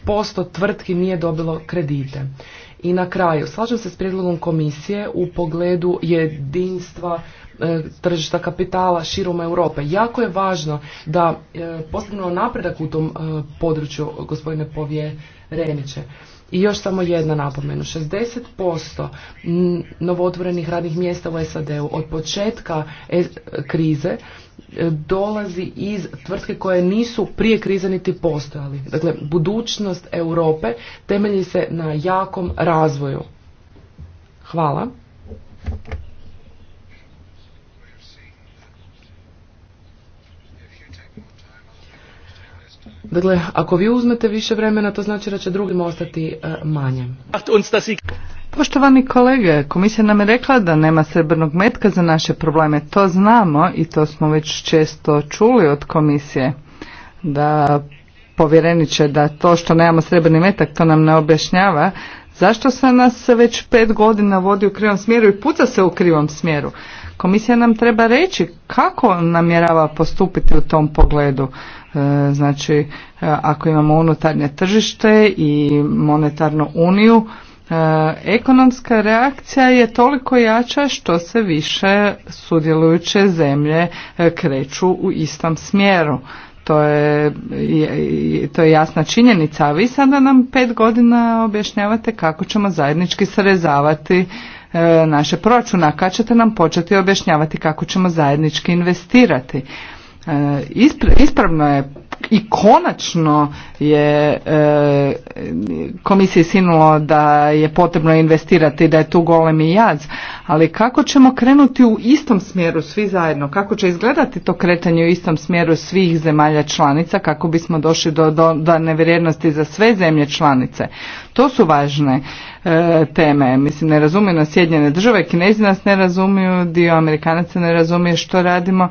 50% tvrtki nije dobilo kredite. I na kraju, slažem se s prijedlogom komisije u pogledu jedinstva e, tržišta kapitala širom Europe. Jako je važno da e, postignemo napredak u tom e, području, gospodine Povije Reniće. I još samo jedna napomenu. 60% novootvorenih radnih mjesta u SAD-u od početka krize dolazi iz tvrtke koje nisu prije krize niti postojali. Dakle, budućnost Europe temelji se na jakom razvoju. Hvala. Dakle, ako vi uzmete više vremena, to znači da će drugima ostati e, manje. Poštovani kolege, komisija nam je rekla da nema srebrnog metka za naše probleme. To znamo i to smo već često čuli od komisije. Da povjereniče da to što nemamo srebrni metak to nam ne objašnjava. Zašto se nas već pet godina vodi u krivom smjeru i puca se u krivom smjeru? Komisija nam treba reći kako namjerava postupiti u tom pogledu. E, znači, e, ako imamo unutarnje tržište i monetarnu uniju, E, ekonomska reakcija je toliko jača što se više sudjelujuće zemlje e, kreću u istom smjeru. To je, to je jasna činjenica, a vi sada nam pet godina objašnjavate kako ćemo zajednički srezavati e, naše proračune, a kad ćete nam početi objašnjavati kako ćemo zajednički investirati. Ispravno je i konačno je e, komisiji sinulo da je potrebno investirati, da je tu golemi jaz, ali kako ćemo krenuti u istom smjeru svi zajedno, kako će izgledati to kretanje u istom smjeru svih zemalja članica, kako bismo došli do, do, za sve zemlje članice. To su važne e, teme. Mislim, ne razumiju nas Sjedinjene države, Kinezi nas ne razumiju, dio Amerikanaca ne razumije što radimo.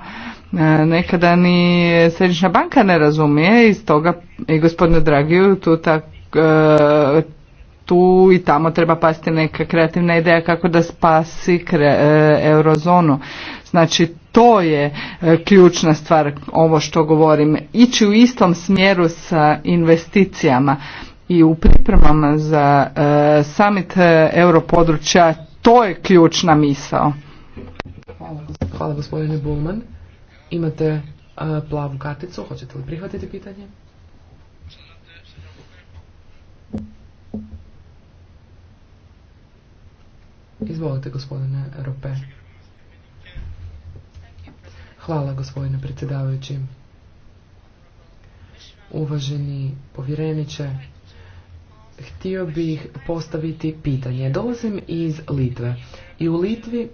E, nekada ni Središnja banka ne razumije i stoga i gospodinu Dragiju tu tak, e, tu i tamo treba pasti neka kreativna ideja kako da spasi e, eurozonu. Znači to je ključna stvar ovo što govorim. Ići u istom smjeru sa investicijama i u pripremama za summit europodručja to je ključna misao. Hvala, hvala gospodine Bulman. Imate e, plavu karticu, hoćete li prihvatiti pitanje? Izvolite, gospodine Rope. Hvala, gospodine predsjedavajući. Uvaženi povjereniče, htio bih postaviti pitanje. Dolazim iz Litve i u Litvi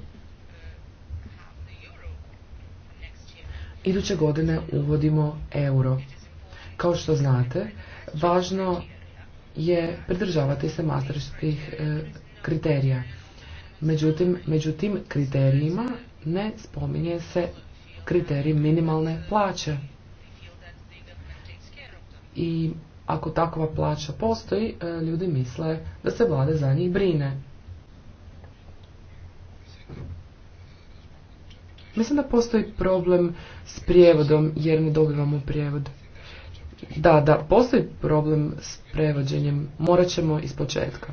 iduće godine uvodimo euro. Kao što znate, važno je pridržavati se masterskih e, kriterija. Međutim, tim kriterijima ne spominje se kriterij minimalne plaće. I ako takva plaća postoji, e, ljudi misle da se vlade za njih brine. Mislim da postoji problem s prijevodom jer ne dobivamo prijevod. Da, da, postoji problem s prevođenjem. Morat ćemo ispočetka.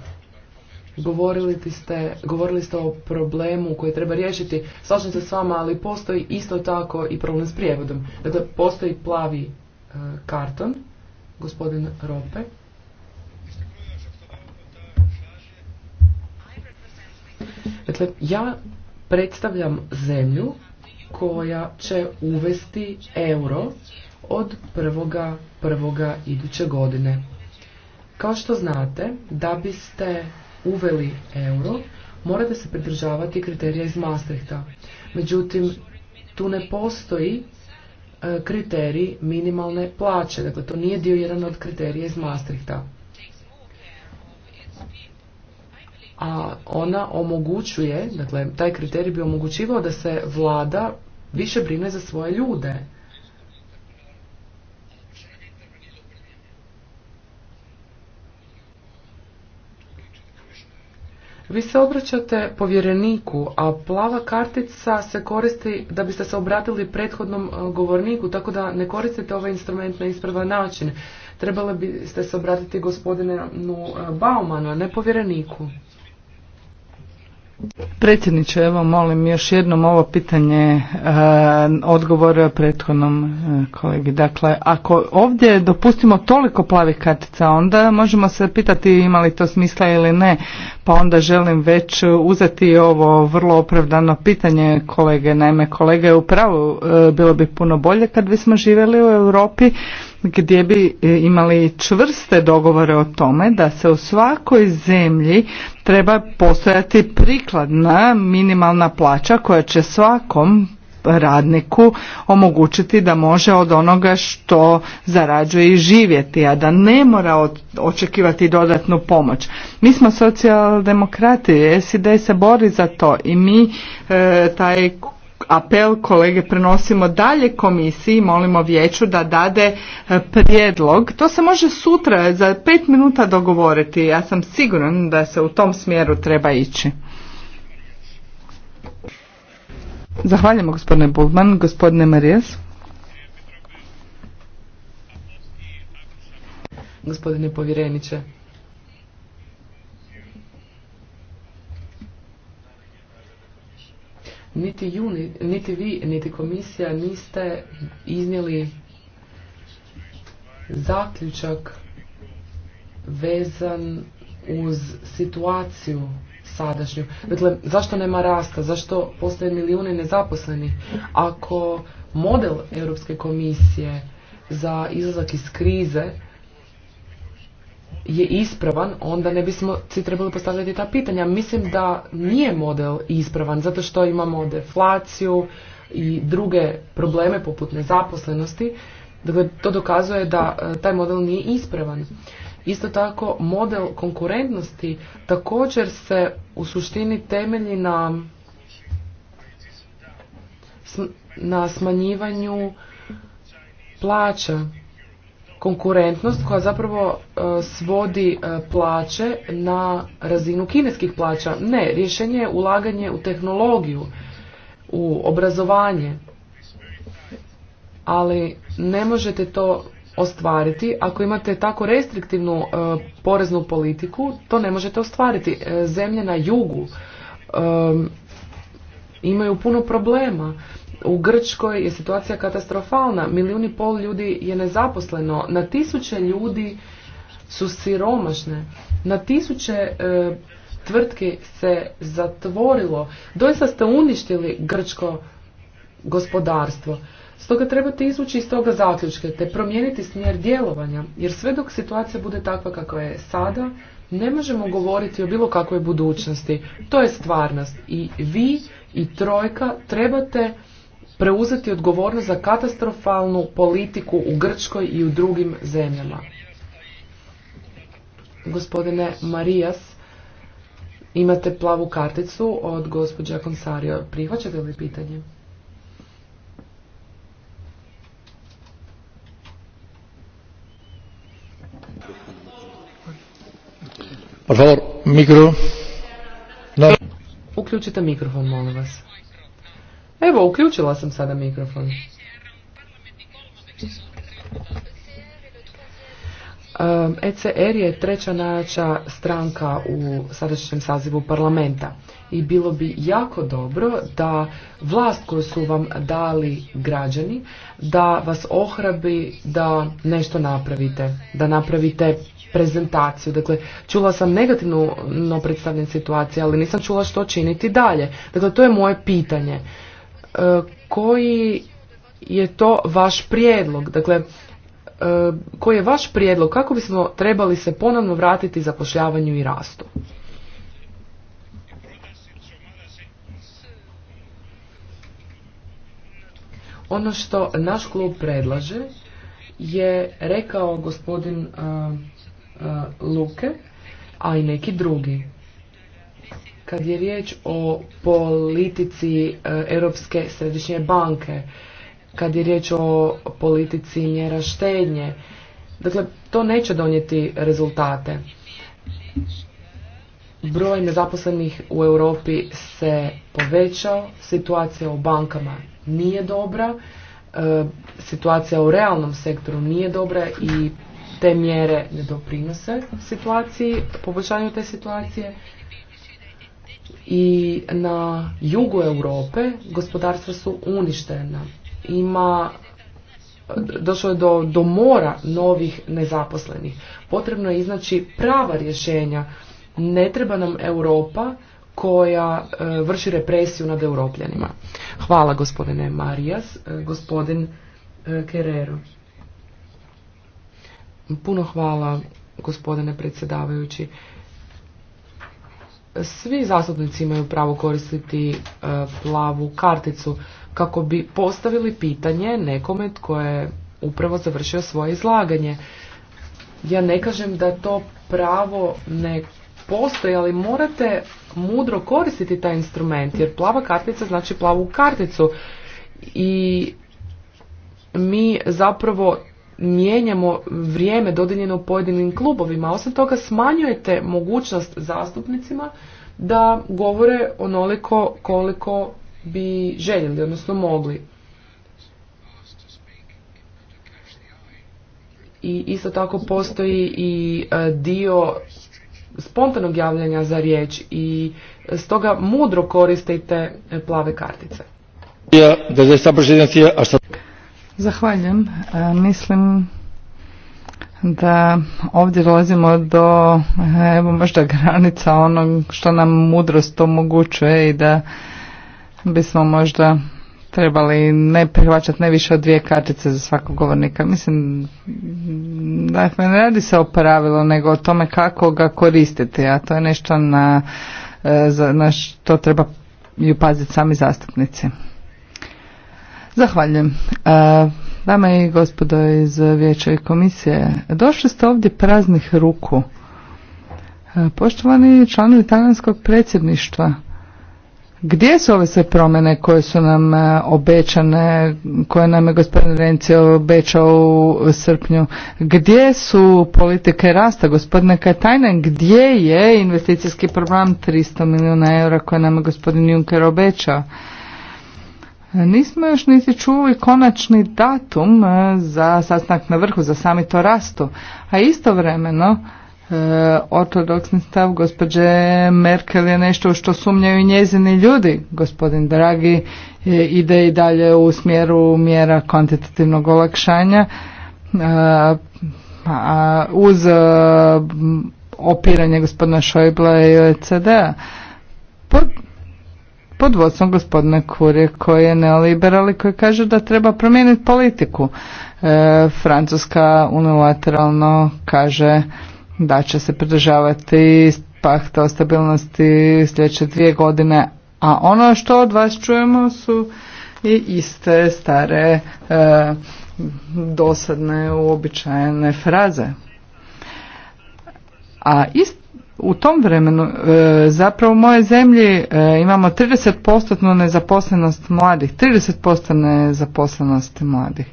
Govorili ste, govorili ste o problemu koji treba riješiti. Slažem se s vama, ali postoji isto tako i problem s prijevodom. Dakle, postoji plavi e, karton, gospodin Rope. Dakle, ja predstavljam zemlju koja će uvesti euro od prvoga iduće godine. Kao što znate, da biste uveli euro, morate se pridržavati kriterija iz Maastrichta. Međutim, tu ne postoji e, kriterij minimalne plaće, dakle to nije dio jedan od kriterija iz Maastrichta. a ona omogućuje, dakle taj kriterij bi omogućivao da se vlada više brine za svoje ljude. Vi se obraćate povjereniku, a plava kartica se koristi da biste se obratili prethodnom e, govorniku, tako da ne koristite ovaj instrument na ispravan način. Trebali biste se obratiti gospodinu e, Baumanu, a ne povjereniku. Predsjedniče, evo molim još jednom ovo pitanje e, odgovor prethodnom e, kolegi. Dakle, ako ovdje dopustimo toliko plavih kartica, onda možemo se pitati ima li to smisla ili ne, pa onda želim već uzeti ovo vrlo opravdano pitanje kolege. Naime, kolega je u pravu, e, bilo bi puno bolje kad bismo živjeli u Europi gdje bi e, imali čvrste dogovore o tome da se u svakoj zemlji treba postojati prikladna minimalna plaća koja će svakom radniku omogućiti da može od onoga što zarađuje i živjeti, a da ne mora očekivati dodatnu pomoć. Mi smo socijaldemokrati, SID se bori za to i mi e, taj apel kolege prenosimo dalje komisiji, molimo vijeću da dade e, prijedlog. To se može sutra za pet minuta dogovoriti. Ja sam siguran da se u tom smjeru treba ići. Zahvaljujemo gospodine Bulman, gospodine Marijas. Gospodine povjereniče, Niti, vi, niti komisija niste iznijeli zaključak vezan uz situaciju sadašnju. Dakle, zašto nema rasta? Zašto postoje milijune nezaposlenih? Ako model Europske komisije za izlazak iz krize je ispravan, onda ne bismo si trebali postavljati ta pitanja. Mislim da nije model ispravan, zato što imamo deflaciju i druge probleme poput nezaposlenosti. Dakle, to dokazuje da e, taj model nije ispravan. Isto tako, model konkurentnosti također se u suštini temelji na, na smanjivanju plaća konkurentnost koja zapravo e, svodi e, plaće na razinu kineskih plaća. Ne, rješenje je ulaganje u tehnologiju, u obrazovanje, ali ne možete to ostvariti. Ako imate tako restriktivnu e, poreznu politiku, to ne možete ostvariti. Zemlje na jugu imaju puno problema u Grčkoj je situacija katastrofalna. Milijun i pol ljudi je nezaposleno. Na tisuće ljudi su siromašne. Na tisuće e, tvrtki se zatvorilo. Doista ste uništili grčko gospodarstvo. Stoga trebate izvući iz toga zaključke te promijeniti smjer djelovanja, jer sve dok situacija bude takva kakva je sada, ne možemo govoriti o bilo kakvoj budućnosti. To je stvarnost i vi i trojka trebate preuzeti odgovornost za katastrofalnu politiku u Grčkoj i u drugim zemljama. Gospodine Marijas, imate plavu karticu od gospođa Konsario. Prihvaćate li pitanje? mikro. Uključite mikrofon, molim vas. Evo, uključila sam sada mikrofon. ECR e je treća najjača stranka u sadašnjem sazivu parlamenta i bilo bi jako dobro da vlast koju su vam dali građani, da vas ohrabi da nešto napravite, da napravite prezentaciju. Dakle, čula sam negativno predstavljanje situacije, ali nisam čula što činiti dalje. Dakle, to je moje pitanje. E, koji je to vaš prijedlog? Dakle, e, koji je vaš prijedlog? Kako bismo trebali se ponovno vratiti zapošljavanju i rastu? Ono što naš klub predlaže je rekao gospodin e, Luke, a i neki drugi. Kad je riječ o politici e, Europske središnje banke, kad je riječ o politici mjera štednje, dakle, to neće donijeti rezultate. Broj nezaposlenih u Europi se povećao, situacija u bankama nije dobra, e, situacija u realnom sektoru nije dobra i te mjere ne doprinose situaciji, poboljšanju te situacije i na jugu Europe gospodarstva su uništena. Ima došlo je do, do mora novih nezaposlenih. Potrebno je iznaći prava rješenja. Ne treba nam Europa koja e, vrši represiju nad europljanima. Hvala gospodine Marijas, e, gospodin e, Kerero. Puno hvala gospodine predsjedavajući svi zastupnici imaju pravo koristiti e, plavu karticu kako bi postavili pitanje nekome tko je upravo završio svoje izlaganje. Ja ne kažem da to pravo ne postoji, ali morate mudro koristiti taj instrument, jer plava kartica znači plavu karticu i mi zapravo mijenjamo vrijeme dodijeljeno pojedinim klubovima. Osim toga smanjujete mogućnost zastupnicima da govore onoliko koliko bi željeli, odnosno mogli. I isto tako postoji i e, dio spontanog javljanja za riječ i stoga mudro koristite e, plave kartice. Zahvaljujem. E, mislim da ovdje dolazimo do evo možda granica onog što nam mudrost omogućuje i da bismo možda trebali ne prihvaćati ne više od dvije kartice za svakog govornika. Mislim, dakle, ne radi se o pravilu, nego o tome kako ga koristiti, a to je nešto na, e, na što treba ju paziti sami zastupnici. Zahvaljujem. Dame i gospodo iz Vijeća komisije, došli ste ovdje praznih ruku. Poštovani članovi talijanskog predsjedništva, gdje su ove sve promjene koje su nam obećane, koje nam je gospodin Renci obećao u srpnju? Gdje su politike rasta, gospodine Katajne, Gdje je investicijski program 300 milijuna eura koje nam je gospodin Juncker obećao? Nismo još niti čuli konačni datum e, za sastanak na vrhu, za sami to rastu, a istovremeno e, ortodoksni stav gospođe Merkel je nešto što sumnjaju njezini ljudi. Gospodin Dragi e, ide i dalje u smjeru mjera kvantitativnog olakšanja uz opiranje gospodina Šojbla i OECD-a pod vodstvom gospodine Kurje koji je neoliberal i koji kaže da treba promijeniti politiku. E, Francuska unilateralno kaže da će se pridržavati pakta o stabilnosti sljedeće dvije godine, a ono što od vas čujemo su i iste stare e, dosadne uobičajene fraze. A isto u tom vremenu e, zapravo u moje zemlji e, imamo 30% nezaposlenost mladih, 30% nezaposlenost mladih.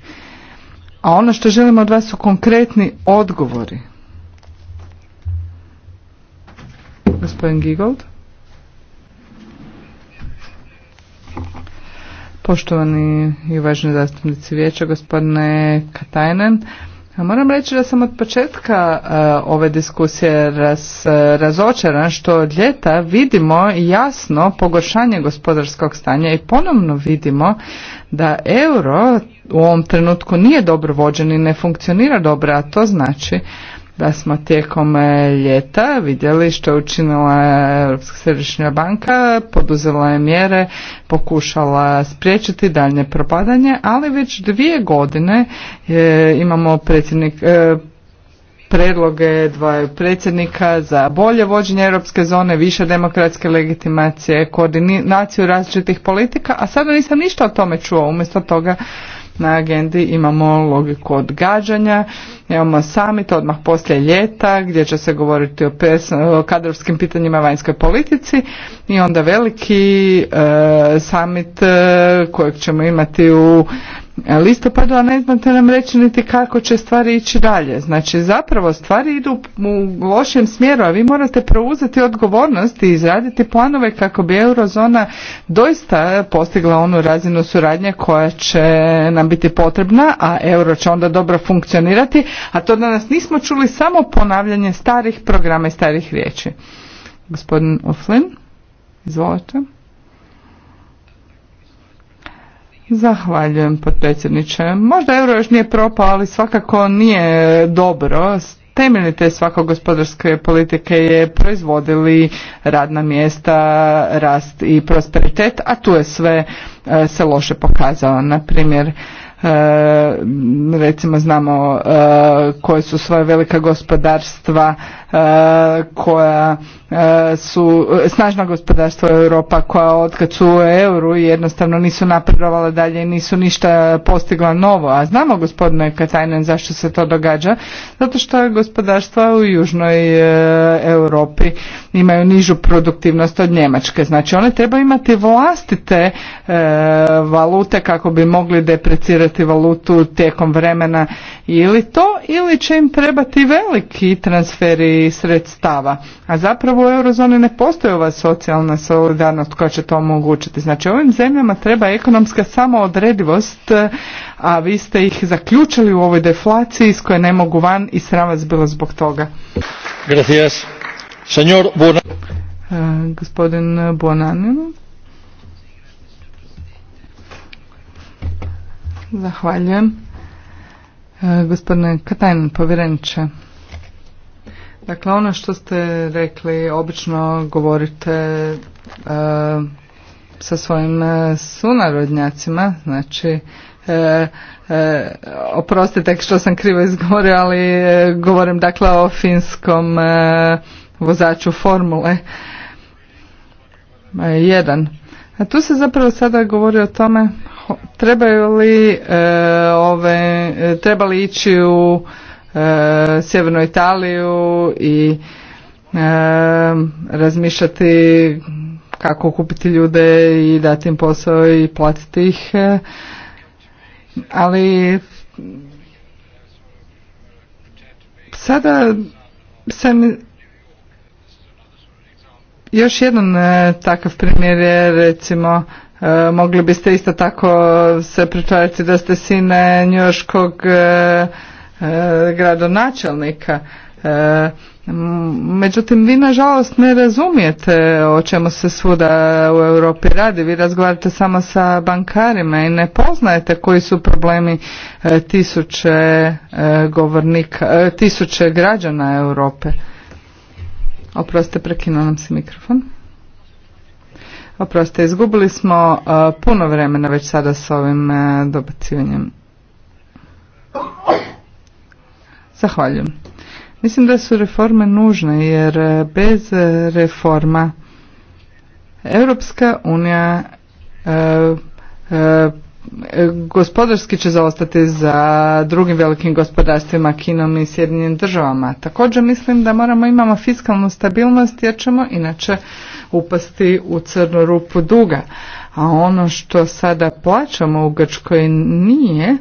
A ono što želimo od vas su konkretni odgovori. Gospodin Gigold. Poštovani i uvaženi zastupnici vijeća, gospodine Katajnen, Moram reći da sam od početka e, ove diskusije raz, e, razočaran što od ljeta vidimo jasno pogoršanje gospodarskog stanja i ponovno vidimo da euro u ovom trenutku nije dobro vođen i ne funkcionira dobro, a to znači da smo tijekom e, ljeta vidjeli što je učinila Europska središnja banka, poduzela je mjere, pokušala spriječiti daljnje propadanje, ali već dvije godine e, imamo predsjednik e, predloge dvaju predsjednika za bolje vođenje europske zone, više demokratske legitimacije, koordinaciju različitih politika, a sada nisam ništa o tome čuo, umjesto toga na agendi imamo logiku odgađanja, imamo summit odmah poslije ljeta gdje će se govoriti o, kadrovskim pitanjima vanjskoj politici i onda veliki e, summit e, kojeg ćemo imati u listopadu, a ne znate nam reći niti kako će stvari ići dalje. Znači zapravo stvari idu u lošem smjeru, a vi morate preuzeti odgovornost i izraditi planove kako bi eurozona doista postigla onu razinu suradnje koja će nam biti potrebna, a euro će onda dobro funkcionirati, a to danas nismo čuli samo ponavljanje starih programa i starih riječi. Gospodin Oflin, izvolite. Zahvaljujem potpredsjedniče. Možda euro još nije propao, ali svakako nije dobro. Temeljni te svako gospodarske politike je proizvodili radna mjesta, rast i prosperitet, a tu je sve e, se loše pokazalo. Na primjer, e, recimo znamo e, koje su svoje velika gospodarstva E, koja e, su e, snažna gospodarstva Europa koja otkad su u euru jednostavno nisu napredovala dalje i nisu ništa postigla novo. A znamo gospodine Katajnen zašto se to događa. Zato što gospodarstva u južnoj Europi imaju nižu produktivnost od Njemačke. Znači one treba imati vlastite valute kako bi mogli deprecirati valutu tijekom vremena ili to ili će im trebati veliki transferi i sredstava. A zapravo u eurozoni ne postoji ova socijalna solidarnost koja će to omogućiti. Znači ovim zemljama treba ekonomska samoodredivost, e, a vi ste ih zaključili u ovoj deflaciji iz koje ne mogu van i sram vas bilo zbog toga. Gracias. Señor e, gospodin Buonanino Zahvaljujem. E, gospodine Katajn, povjereniče. Dakle, ono što ste rekli, obično govorite eh, sa svojim eh, sunarodnjacima, znači e, e, oprostite što sam krivo izgovorio, ali govorim dakle o finskom vozaču formule jedan. A tu se zapravo sada govori o tome trebaju li ove, treba ići u E, sjevernu Italiju i e, razmišljati kako kupiti ljude i dati im posao i platiti ih. E, ali sada sam još jedan takav primjer je recimo mogli biste isto tako se pretvariti da ste sine njoškog E, gradonačelnika. E, međutim, vi nažalost ne razumijete o čemu se svuda u Europi radi. Vi razgovarate samo sa bankarima i ne poznajete koji su problemi e, tisuće govornika, tisuće građana Europe. Oprostite, prekinuo nam se mikrofon. Oprostite, izgubili smo puno vremena već sada s ovim dobacivanjem. Zahvaljujem. Mislim da su reforme nužne jer e, bez e, reforma Europska unija e, gospodarski će zaostati za drugim velikim gospodarstvima Kinom i Sjedinjenim državama. Također mislim da moramo imamo fiskalnu stabilnost jer ćemo inače upasti u crnu rupu duga. A ono što sada plaćamo u Grčkoj nije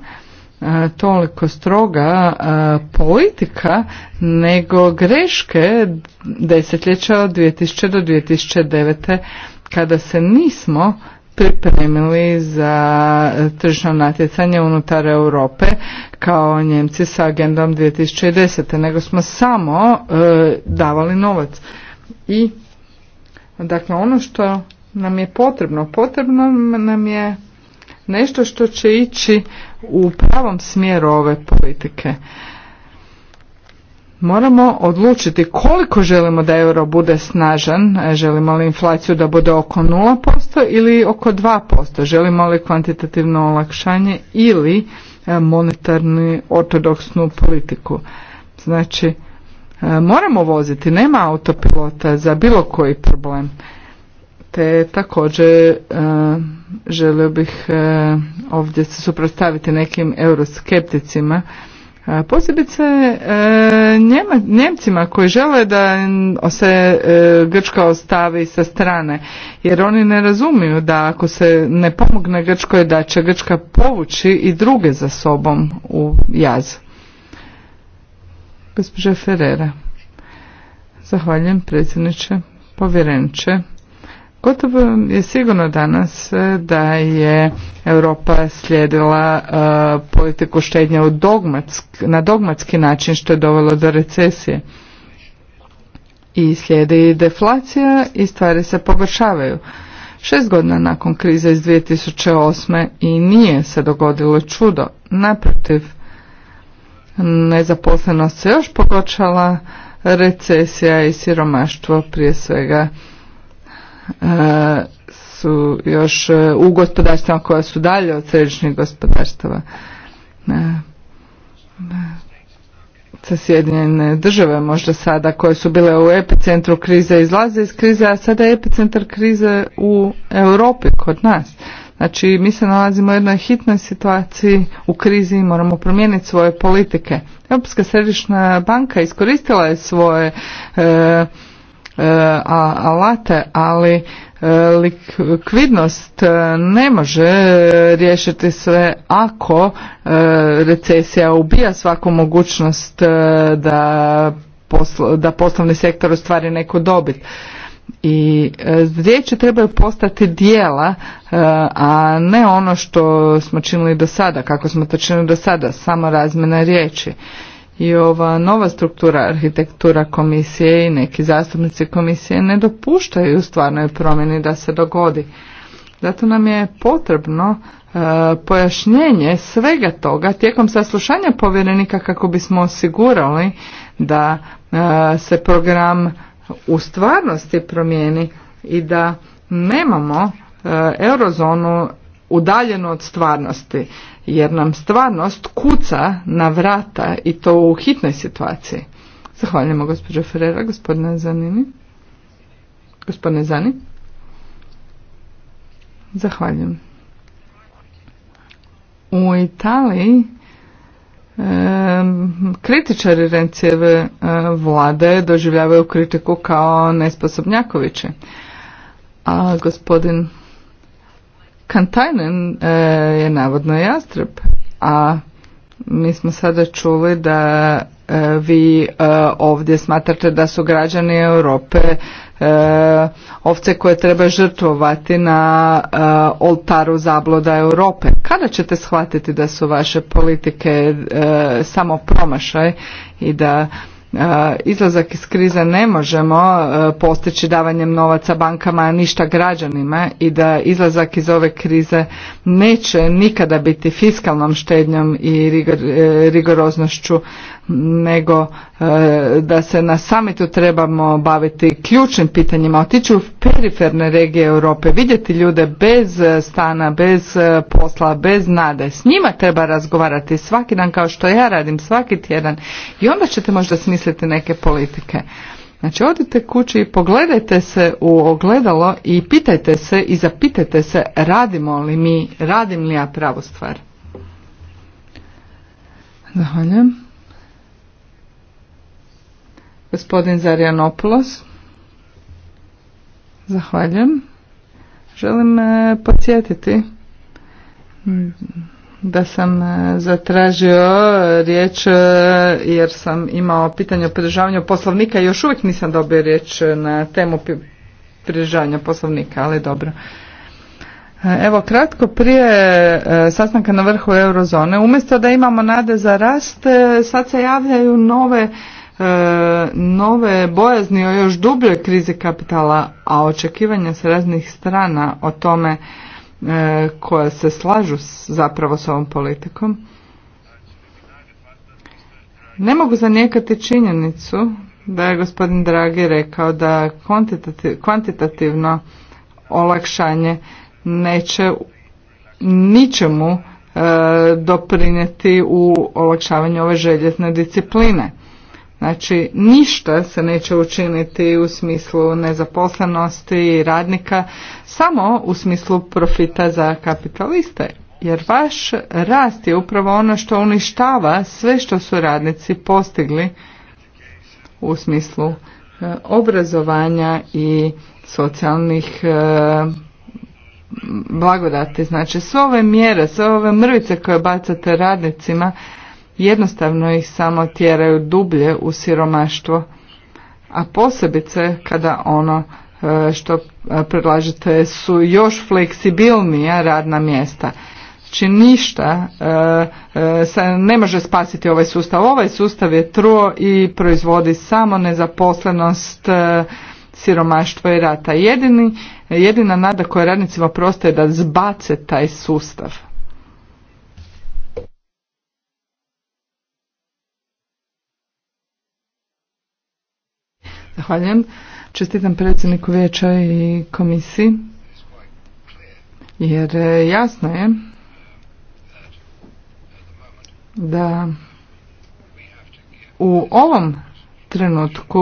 E, toliko stroga e, politika nego greške desetljeća od 2000 do 2009 kada se nismo pripremili za tržno natjecanje unutar Europe kao Njemci sa agendom 2010. nego smo samo e, davali novac. I dakle ono što nam je potrebno, potrebno nam je nešto što će ići u pravom smjeru ove politike. Moramo odlučiti koliko želimo da euro bude snažan, e, želimo li inflaciju da bude oko 0% ili oko 2%, želimo li kvantitativno olakšanje ili e, monetarnu ortodoksnu politiku. Znači, e, moramo voziti, nema autopilota za bilo koji problem te također e, želio bih e, ovdje se suprotstaviti nekim euroskepticima e, posebice Nijemcima Njemcima koji žele da se Grčka ostavi sa strane jer oni ne razumiju da ako se ne pomogne Grčkoj da će Grčka povući i druge za sobom u jaz. Gospođa Ferrera. Zahvaljujem predsjedniče, povjerenče. Gotovo je sigurno danas e, da je Europa slijedila e, politiku štednje u dogmatsk, na dogmatski način što je dovelo do recesije. I slijedi deflacija i stvari se pogoršavaju. Šest godina nakon krize iz 2008. i nije se dogodilo čudo. Naprotiv, nezaposlenost se još pogoršala, recesija i siromaštvo prije svega E, su još e, u gospodarstvima koja su dalje od središnjih gospodarstava e, sa Sjedinjene države možda sada koje su bile u epicentru krize izlaze iz krize, a sada je epicentar krize u Europi kod nas. Znači mi se nalazimo u jednoj hitnoj situaciji u krizi i moramo promijeniti svoje politike. Europska središnja banka iskoristila je svoje E, alate, ali e, likvidnost e, ne može riješiti sve ako recesija ubija svaku mogućnost da, da poslovni sektor ostvari neku dobit. I riječi trebaju postati dijela, a ne ono što smo činili do sada, kako smo to činili do sada, samo razmjena riječi i ova nova struktura arhitektura komisije i neki zastupnici komisije ne dopuštaju stvarnoj promjeni da se dogodi. Zato nam je potrebno e, pojašnjenje svega toga tijekom saslušanja povjerenika kako bismo osigurali da e, se program u stvarnosti promijeni i da nemamo e, eurozonu udaljeno od stvarnosti jer nam stvarnost kuca na vrata i to u hitnoj situaciji. Zahvaljujemo gospođo Ferrera, gospodine Zanini. Gospodine Zani. Zahvaljujem. U Italiji kritičari Rencijeve vlade doživljavaju kritiku kao nesposobnjakoviće. A gospodin Kantajnen e, je navodno jastreb, a mi smo sada čuli da e, vi e, ovdje smatrate da su građani Europe ovce koje treba žrtvovati na oltaru zabloda Europe. Kada ćete shvatiti da su vaše politike samo promašaj i da E, izlazak iz krize ne možemo e, postići davanjem novaca bankama, a ništa građanima i da izlazak iz ove krize neće nikada biti fiskalnom štednjom i e, rigoroznošću nego e, da se na samitu trebamo baviti ključnim pitanjima, otići u periferne regije Europe, vidjeti ljude bez e, stana, bez e, posla, bez nade. S njima treba razgovarati svaki dan kao što ja radim, svaki tjedan i onda ćete možda smisliti neke politike. Znači odite kući i pogledajte se u ogledalo i pitajte se i zapitajte se radimo li mi, radim li ja pravu stvar. Zahvaljujem. Gospodin Zarianopoulos. Zahvaljujem. Želim e, podsjetiti da sam e, zatražio riječ e, jer sam imao pitanje o pridržavanju poslovnika i još uvijek nisam dobio riječ na temu pridržavanja poslovnika, ali dobro. Evo, kratko prije sastanka na vrhu eurozone, umjesto da imamo nade za rast, sad se javljaju nove E, nove bojazni o još dubljoj krizi kapitala, a očekivanja s raznih strana o tome e, koje se slažu zapravo s ovom politikom. Ne mogu zanijekati činjenicu da je gospodin Dragi rekao da kvantitativno olakšanje neće ničemu e, doprinijeti u olakšavanju ove željezne discipline. Znači, ništa se neće učiniti u smislu nezaposlenosti radnika, samo u smislu profita za kapitaliste. Jer vaš rast je upravo ono što uništava sve što su radnici postigli u smislu e, obrazovanja i socijalnih e, blagodati. Znači, sve ove mjere, sve ove mrvice koje bacate radnicima, jednostavno ih samo tjeraju dublje u siromaštvo, a posebice kada ono e, što e, predlažete su još fleksibilnija radna mjesta. Znači ništa e, ne može spasiti ovaj sustav. Ovaj sustav je truo i proizvodi samo nezaposlenost, siromaštvo i rata. Jedini, jedina nada koja radnicima prostaje da zbace taj sustav. Zahvaljujem. Čestitam predsjedniku vijeća i komisiji. Jer e, jasno je da u ovom trenutku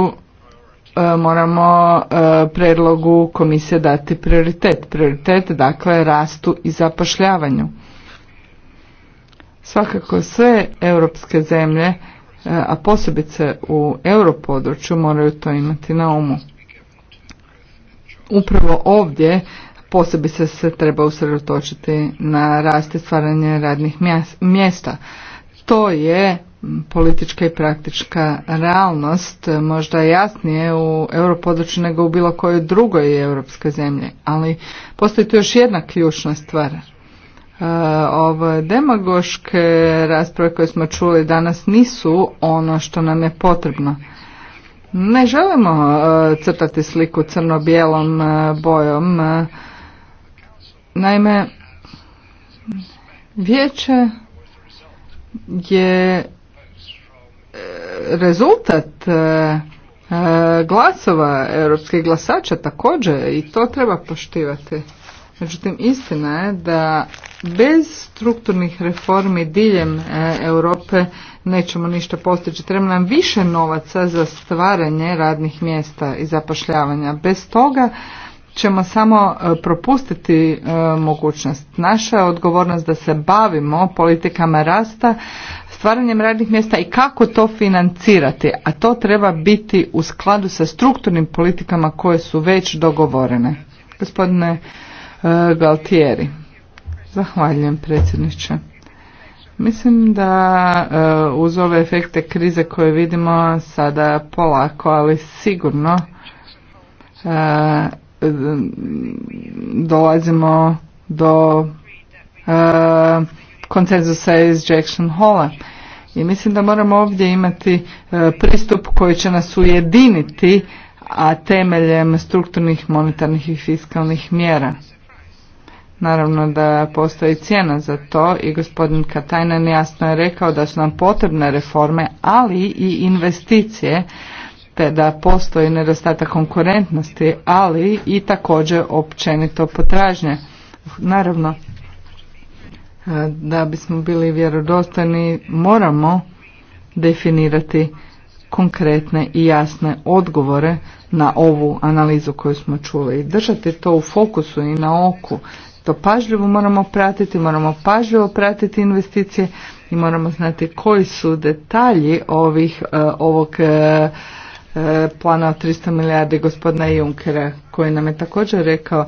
e, moramo e, predlogu komisije dati prioritet. Prioritet dakle rastu i zapošljavanju. Svakako sve europske zemlje E, a posebice u europodručju moraju to imati na umu. Upravo ovdje posebice se treba usredotočiti na rast i stvaranje radnih mjesta. To je politička i praktička realnost možda jasnije u europodručju nego u bilo kojoj drugoj europskoj zemlji, ali postoji tu još jedna ključna stvar, E, ove demagoške rasprave koje smo čuli danas nisu ono što nam je potrebno. Ne želimo e, crtati sliku crno-bijelom e, bojom. Naime, vijeće je rezultat glasova europskih glasača također i to treba poštivati. Međutim, istina je da Bez strukturnih reformi diljem e, Europe nećemo ništa postići. Treba nam više novaca za stvaranje radnih mjesta i zapošljavanja. Bez toga ćemo samo e, propustiti e, mogućnost. Naša je odgovornost da se bavimo politikama rasta, stvaranjem radnih mjesta i kako to financirati, a to treba biti u skladu sa strukturnim politikama koje su već dogovorene. Gospodine Galtieri. Zahvaljujem predsjedniče. Mislim da e, uz ove efekte krize koje vidimo sada polako, ali sigurno e, dolazimo do e, konsenzusa iz Jackson Halla. I mislim da moramo ovdje imati pristup koji će nas ujediniti, a temeljem strukturnih, monetarnih i fiskalnih mjera. Naravno da postoji cijena za to i gospodin Katajnan jasno je rekao da su nam potrebne reforme, ali i investicije, te da postoji nedostatak konkurentnosti, ali i također općenito potražnje. Naravno, e, da bismo bili vjerodostojni, moramo definirati konkretne i jasne odgovore na ovu analizu koju smo čuli. Držati to u fokusu i na oku to pažljivo moramo pratiti, moramo pažljivo pratiti investicije i moramo znati koji su detalji ovih, e, ovog e, e, plana od 300 milijardi gospodina Junkera koji nam je također rekao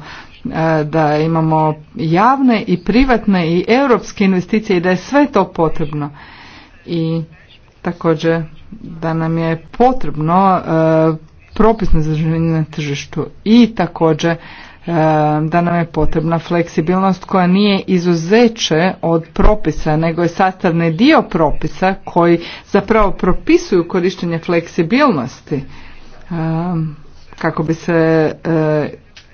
da imamo javne i privatne i europske investicije i da je sve to potrebno i također da nam je potrebno propisno zaživljenje na tržištu i također da nam je potrebna fleksibilnost koja nije izuzeće od propisa, nego je sastavni dio propisa koji zapravo propisuju korištenje fleksibilnosti kako bi se eh,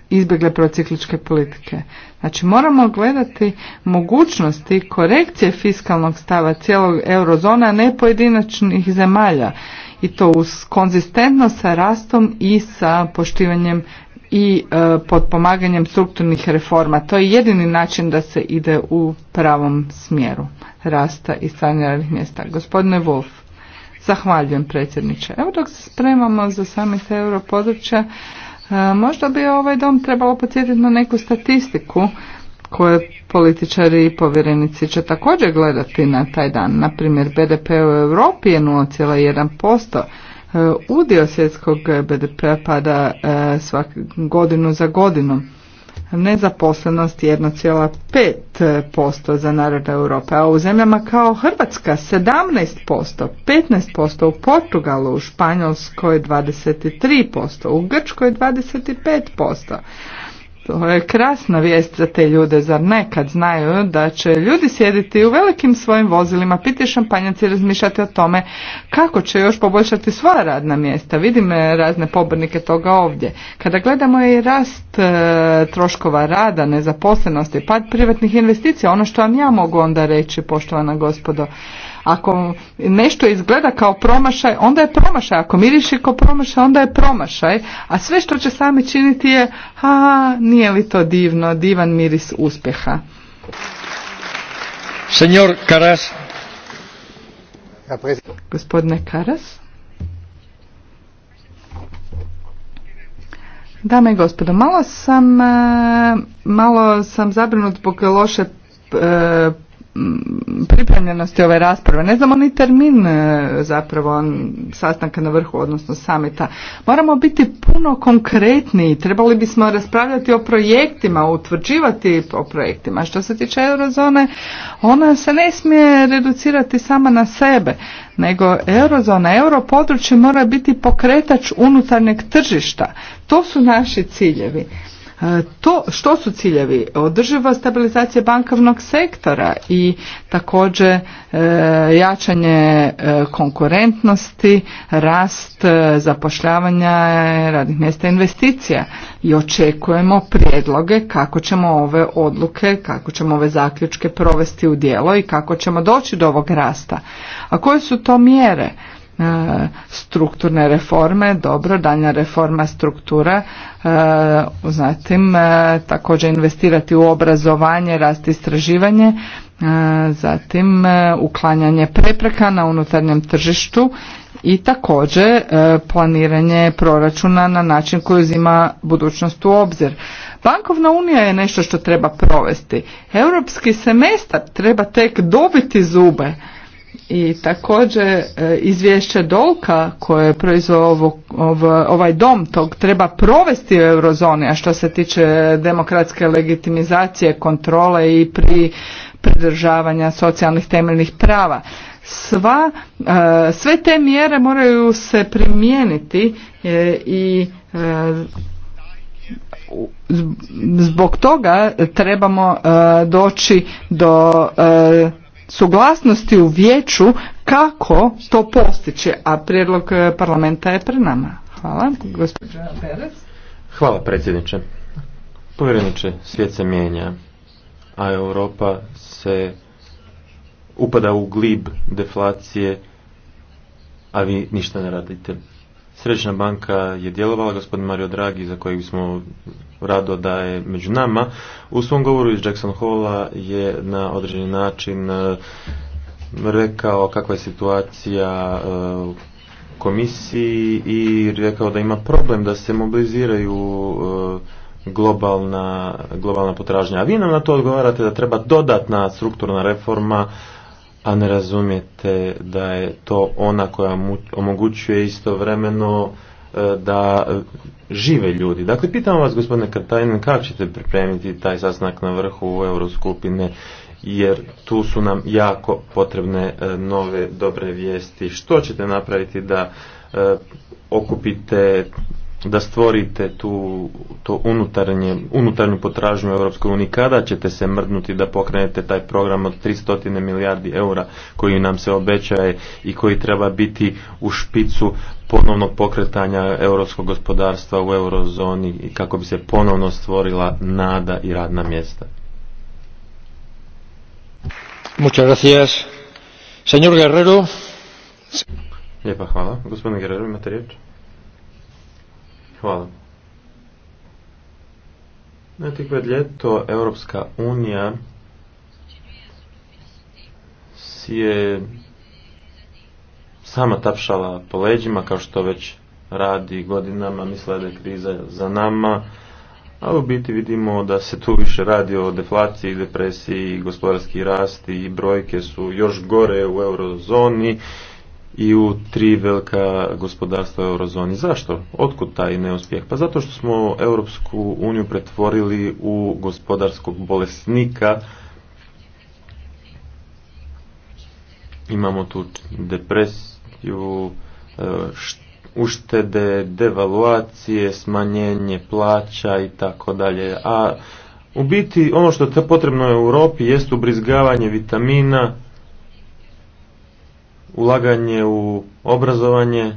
izbjegle procikličke politike. Znači moramo gledati mogućnosti korekcije fiskalnog stava cijelog eurozona, ne pojedinačnih zemalja i to uz konzistentno sa rastom i sa poštivanjem i e, potpomaganjem strukturnih reforma. To je jedini način da se ide u pravom smjeru rasta i stanja radnih mjesta. Gospodine Wolf, zahvaljujem predsjedniče. Evo dok se spremamo za euro europodručja, e, možda bi ovaj dom trebalo podsjetiti na neku statistiku koje političari i povjerenici će također gledati na taj dan. Naprimjer, BDP u Europi je 0,1%, E, udio svjetskog bdp p-a pada e, godinu za godinu. Nezaposlenost 1,5% za narode Europe, a u zemljama kao Hrvatska 17%, 15% u Portugalu, u Španjolskoj 23%, u Grčkoj 25%. To je krasna vijest za te ljude, zar ne, znaju da će ljudi sjediti u velikim svojim vozilima, piti šampanjac i razmišljati o tome kako će još poboljšati svoja radna mjesta. Vidim e, razne pobornike toga ovdje. Kada gledamo i rast e, troškova rada, nezaposlenosti, pad privatnih investicija, ono što vam ja mogu onda reći, poštovana gospodo, ako nešto izgleda kao promašaj, onda je promašaj. Ako miriši kao promašaj, onda je promašaj. A sve što će sami činiti je, ha nije li to divno, divan miris uspjeha. Senjor Karas. Gospodine Karas. Dame i gospodo, malo sam, e, malo sam zabrinut zbog loše e, pripremljenosti ove rasprave. Ne znamo ni termin e, zapravo sastanka na vrhu, odnosno samita. Moramo biti puno konkretniji. Trebali bismo raspravljati o projektima, utvrđivati o projektima. Što se tiče eurozone, ona se ne smije reducirati sama na sebe, nego eurozona, europodručje mora biti pokretač unutarnjeg tržišta. To su naši ciljevi. E, to što su ciljevi? Održiva stabilizacija bankovnog sektora i također e, jačanje e, konkurentnosti, rast zapošljavanja radnih mjesta investicija i očekujemo prijedloge kako ćemo ove odluke, kako ćemo ove zaključke provesti u djelo i kako ćemo doći do ovog rasta. A koje su to mjere? E, strukturne reforme, dobro, daljnja reforma struktura, e, zatim e, također investirati u obrazovanje, rast istraživanje, zatim uklanjanje prepreka na unutarnjem tržištu i također planiranje proračuna na način koji uzima budućnost u obzir. Bankovna unija je nešto što treba provesti. Europski semestar treba tek dobiti zube i također e, izvješće Dolka koje je proizveo ovaj dom tog treba provesti u eurozoni a što se tiče demokratske legitimizacije kontrole i pri pridržavanja socijalnih temeljnih prava sva e, sve te mjere moraju se primijeniti e, i zbog toga trebamo doći do suglasnosti u vijeću kako to postići, a prijedlog e, parlamenta je pre nama. Hvala, gospođa Hvala, predsjedniče. Povjereniče, svijet se mijenja, a Europa se upada u glib deflacije, a vi ništa ne radite. Središnja banka je djelovala, gospodin Mario Draghi, za kojeg smo rado da je među nama. U svom govoru iz Jackson Halla je na određeni način eh, rekao kakva je situacija eh, komisiji i rekao da ima problem da se mobiliziraju eh, globalna, globalna potražnja. A vi nam na to odgovarate da treba dodatna strukturna reforma a ne razumijete da je to ona koja omogućuje istovremeno e, da e, žive ljudi. Dakle, pitam vas, gospodine Katajnin, kako ćete pripremiti taj sastanak na vrhu u Euroskupine, jer tu su nam jako potrebne e, nove dobre vijesti. Što ćete napraviti da okupite da stvorite tu to unutarnje, unutarnju potražnju u Europskoj uniji, kada ćete se mrdnuti da pokrenete taj program od 300 milijardi eura koji nam se obećaje i koji treba biti u špicu ponovnog pokretanja europskog gospodarstva u eurozoni i kako bi se ponovno stvorila nada i radna mjesta. Muchas gracias. Señor Guerrero. Lijepa hvala. Gospodine Guerrero, imate riječ? Hvala. Znate pred ljeto Europska unija si je sama tapšala po leđima kao što već radi godinama, misle da je kriza za nama, ali u biti vidimo da se tu više radi o deflaciji, depresiji, gospodarski rasti i brojke su još gore u eurozoni i u tri velika gospodarstva u eurozoni. Zašto? Otkud taj neuspjeh? Pa zato što smo Europsku uniju pretvorili u gospodarskog bolesnika. Imamo tu depresiju, e, uštede, devaluacije, smanjenje plaća i tako dalje. A u biti ono što je potrebno u Europi jest ubrizgavanje vitamina, ulaganje u obrazovanje.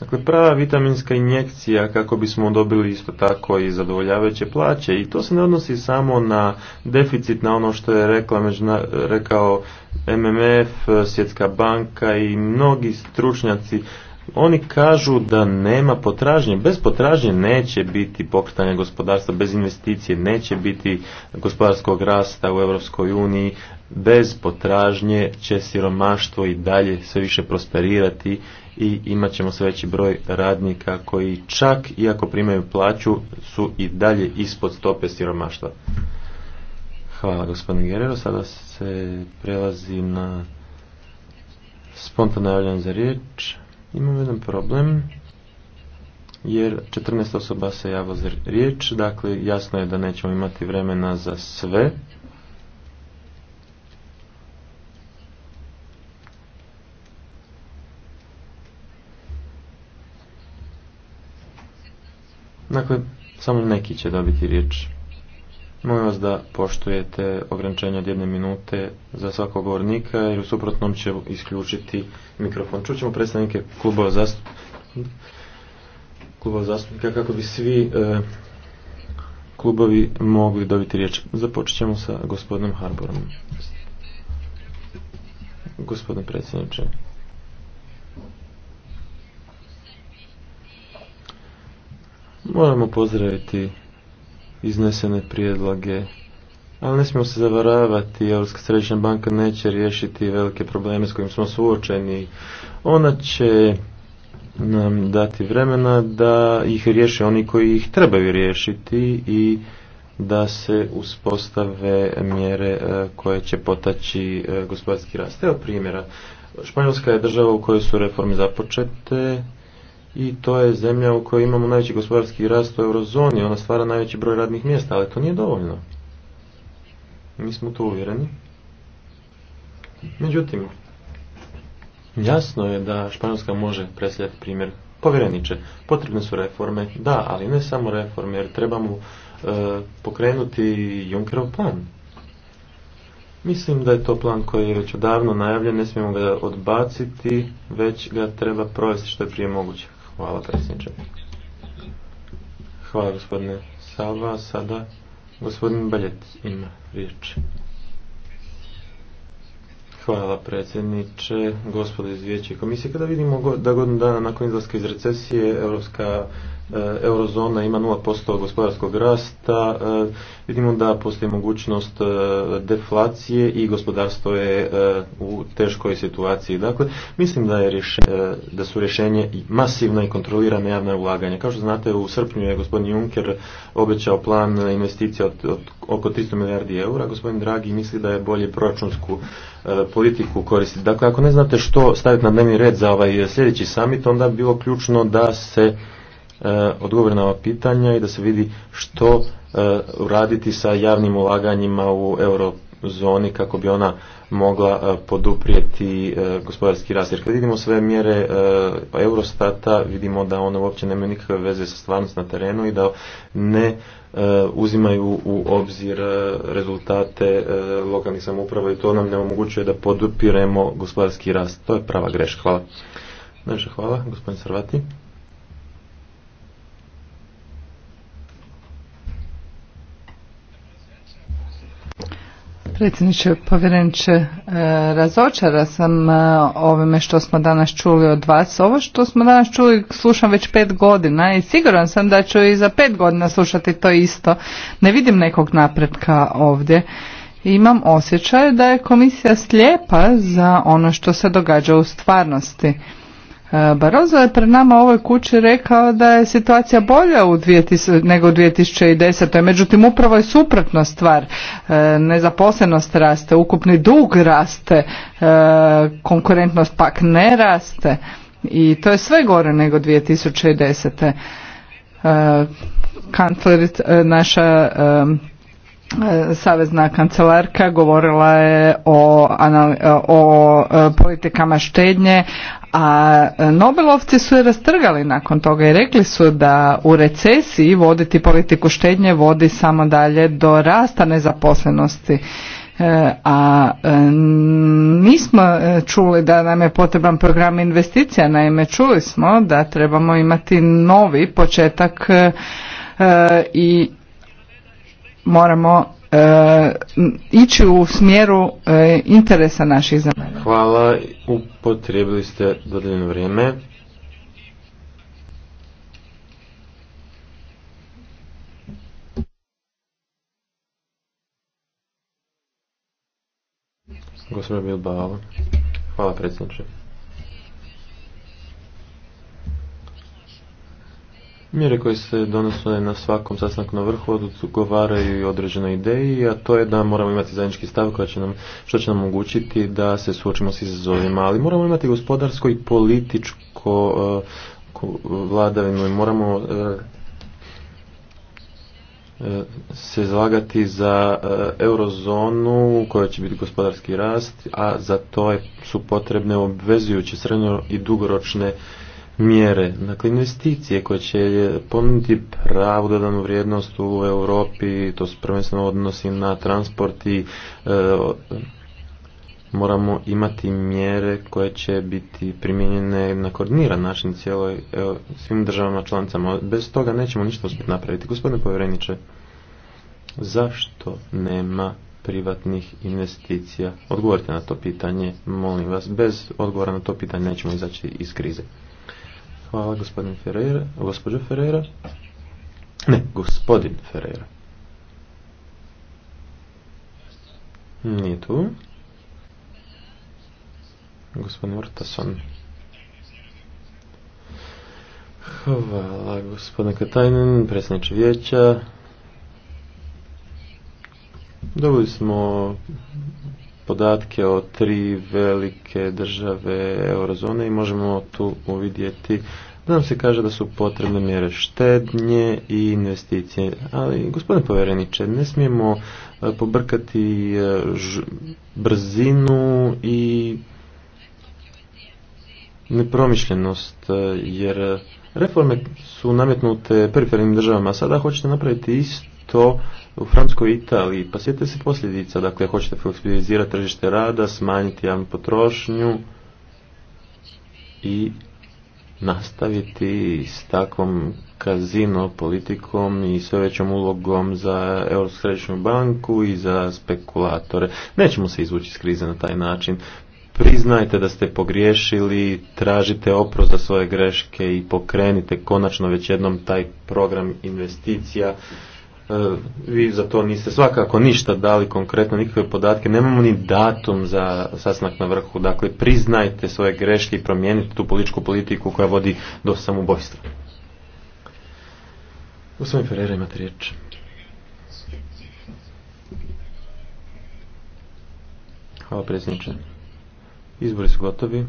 Dakle, prava vitaminska injekcija kako bismo dobili isto tako i zadovoljavajuće plaće. I to se ne odnosi samo na deficit, na ono što je rekla, rekao MMF, Svjetska banka i mnogi stručnjaci. Oni kažu da nema potražnje. Bez potražnje neće biti pokretanja gospodarstva, bez investicije neće biti gospodarskog rasta u Europskoj uniji. Bez potražnje će siromaštvo i dalje sve više prosperirati i imat ćemo sve veći broj radnika koji čak, iako primaju plaću, su i dalje ispod stope siromaštva. Hvala gospodine Gerero, Sada se prelazi na spontano javljanje za riječ. Imamo jedan problem jer 14 osoba se javilo za riječ, dakle jasno je da nećemo imati vremena za sve. Dakle, samo neki će dobiti riječ. Molim vas da poštujete ograničenje od jedne minute za svakog govornika, jer u suprotnom će isključiti mikrofon. Čućemo predstavnike kluba zastupnika, kluba zastupnika kako bi svi e, klubovi mogli dobiti riječ. Započet ćemo sa gospodinom Harborom. Gospodin predsjedniče. Moramo pozdraviti iznesene prijedloge. Ali ne smijemo se zavaravati, Europska središnja banka neće riješiti velike probleme s kojim smo suočeni. Ona će nam dati vremena da ih riješe oni koji ih trebaju riješiti i da se uspostave mjere e, koje će potaći e, gospodarski rast. Evo primjera. Španjolska je država u kojoj su reforme započete, i to je zemlja u kojoj imamo najveći gospodarski rast u eurozoni, ona stvara najveći broj radnih mjesta, ali to nije dovoljno. Mi smo to uvjereni. Međutim, jasno je da Španjolska može predstavljati primjer povjereniče. Potrebne su reforme, da, ali ne samo reforme, jer trebamo e, pokrenuti Junckerov plan. Mislim da je to plan koji je već odavno najavljen, ne smijemo ga odbaciti, već ga treba provesti što je prije moguće. Hvala predsjedniče. Hvala gospodine Salva. Sada gospodin Baljet ima riječ. Hvala predsjedniče, gospodo iz vijeće komisije. Kada vidimo da godinu dana nakon izlaska iz recesije Europska E, eurozona ima 0% gospodarskog rasta, e, vidimo da postoji mogućnost e, deflacije i gospodarstvo je u teškoj situaciji. Dakle, mislim da, je rješenje, da su rješenje masivna i kontrolirana javna ulaganja. Kao što znate, u srpnju je gospodin Juncker obećao plan investicija od, oko 300 milijardi eura. Gospodin Dragi misli da je bolje proračunsku politiku koristiti. Dakle, ako ne znate što staviti na dnevni red za ovaj sljedeći summit, onda bi bilo ključno da se E, odgovore na ova pitanja i da se vidi što e, raditi sa javnim ulaganjima u eurozoni kako bi ona mogla e, poduprijeti gospodarski rast. Jer kad vidimo sve mjere Eurostata, vidimo da one uopće nemaju nikakve veze sa stvarnost na terenu i da ne uzimaju u obzir rezultate lokalnih samouprava i to nam ne omogućuje da podupiremo gospodarski rast. To je prava greška. Hvala. Najviše hvala, gospodin Sarvati. Predsjedniče povjerenče, e, razočara sam e, ovime što smo danas čuli od vas. Ovo što smo danas čuli slušam već pet godina i siguran sam da ću i za pet godina slušati to isto. Ne vidim nekog napretka ovdje. Imam osjećaj da je komisija slijepa za ono što se događa u stvarnosti. E, Barozo je pred nama u ovoj kući rekao da je situacija bolja u 2000, nego u 2010. Međutim, upravo je suprotna stvar. E, nezaposlenost raste, ukupni dug raste, e, konkurentnost pak ne raste i to je sve gore nego 2010. Kancler, naša savezna kancelarka govorila je o, o politikama štednje, a e, Nobelovci su je rastrgali nakon toga i rekli su da u recesiji voditi politiku štednje vodi samo dalje do rasta nezaposlenosti. E, a e, nismo čuli da nam je potreban program investicija, naime čuli smo da trebamo imati novi početak i moramo E, ići u smjeru e, interesa naših zemalja. Hvala, upotrijebili ste dodeljeno vrijeme. Gospodin Bilbao. Hvala predsjedniče. Mjere koje se donose na svakom sastanku na vrhu odgovaraju i određenoj ideji, a to je da moramo imati zajednički stav koja će nam, što će nam omogućiti da se suočimo s izazovima, ali moramo imati gospodarsko i političko uh, vladavinu i moramo eh, eh, se zalagati za eurozonu u će biti gospodarski rast, a za to su potrebne obvezujuće srednjo i dugoročne mjere, dakle investicije koje će ponuditi pravu dodanu vrijednost u Europi, to se prvenstveno odnosi na transport i e, moramo imati mjere koje će biti primijenjene na koordiniran način cijeloj e, svim državama članicama. Bez toga nećemo ništa uspjeti napraviti. Gospodine povjereniče, zašto nema privatnih investicija? Odgovorite na to pitanje, molim vas. Bez odgovora na to pitanje nećemo izaći iz krize. Hvala gospodin Ferreira. Gospođo Ferreira. Ne, gospodin Ferreira. Nije tu. Gospodin Ortason. Hvala gospodine Katajnin, predsjedniče vijeća. Dobili smo podatke o tri velike države eurozone i možemo tu uvidjeti nam se kaže da su potrebne mjere štednje i investicije, ali gospodine povjereniče, ne smijemo e, pobrkati e, brzinu i nepromišljenost, e, jer reforme su nametnute perifernim državama, a sada hoćete napraviti isto u Francuskoj i Italiji. Pa sjetite se posljedica, dakle, hoćete fleksibilizirati tržište rada, smanjiti javnu potrošnju i nastaviti s takvom kazino politikom i sve većom ulogom za Europsku središnju banku i za spekulatore. Nećemo se izvući iz krize na taj način. Priznajte da ste pogriješili, tražite oprost za svoje greške i pokrenite konačno već jednom taj program investicija E, vi za to niste svakako ništa dali konkretno nikakve podatke, nemamo ni datum za sastanak na vrhu, dakle priznajte svoje greške i promijenite tu političku politiku koja vodi do samobojstva. U Ferreira imate riječ. Hvala predsjedniče. Izbori su gotovi.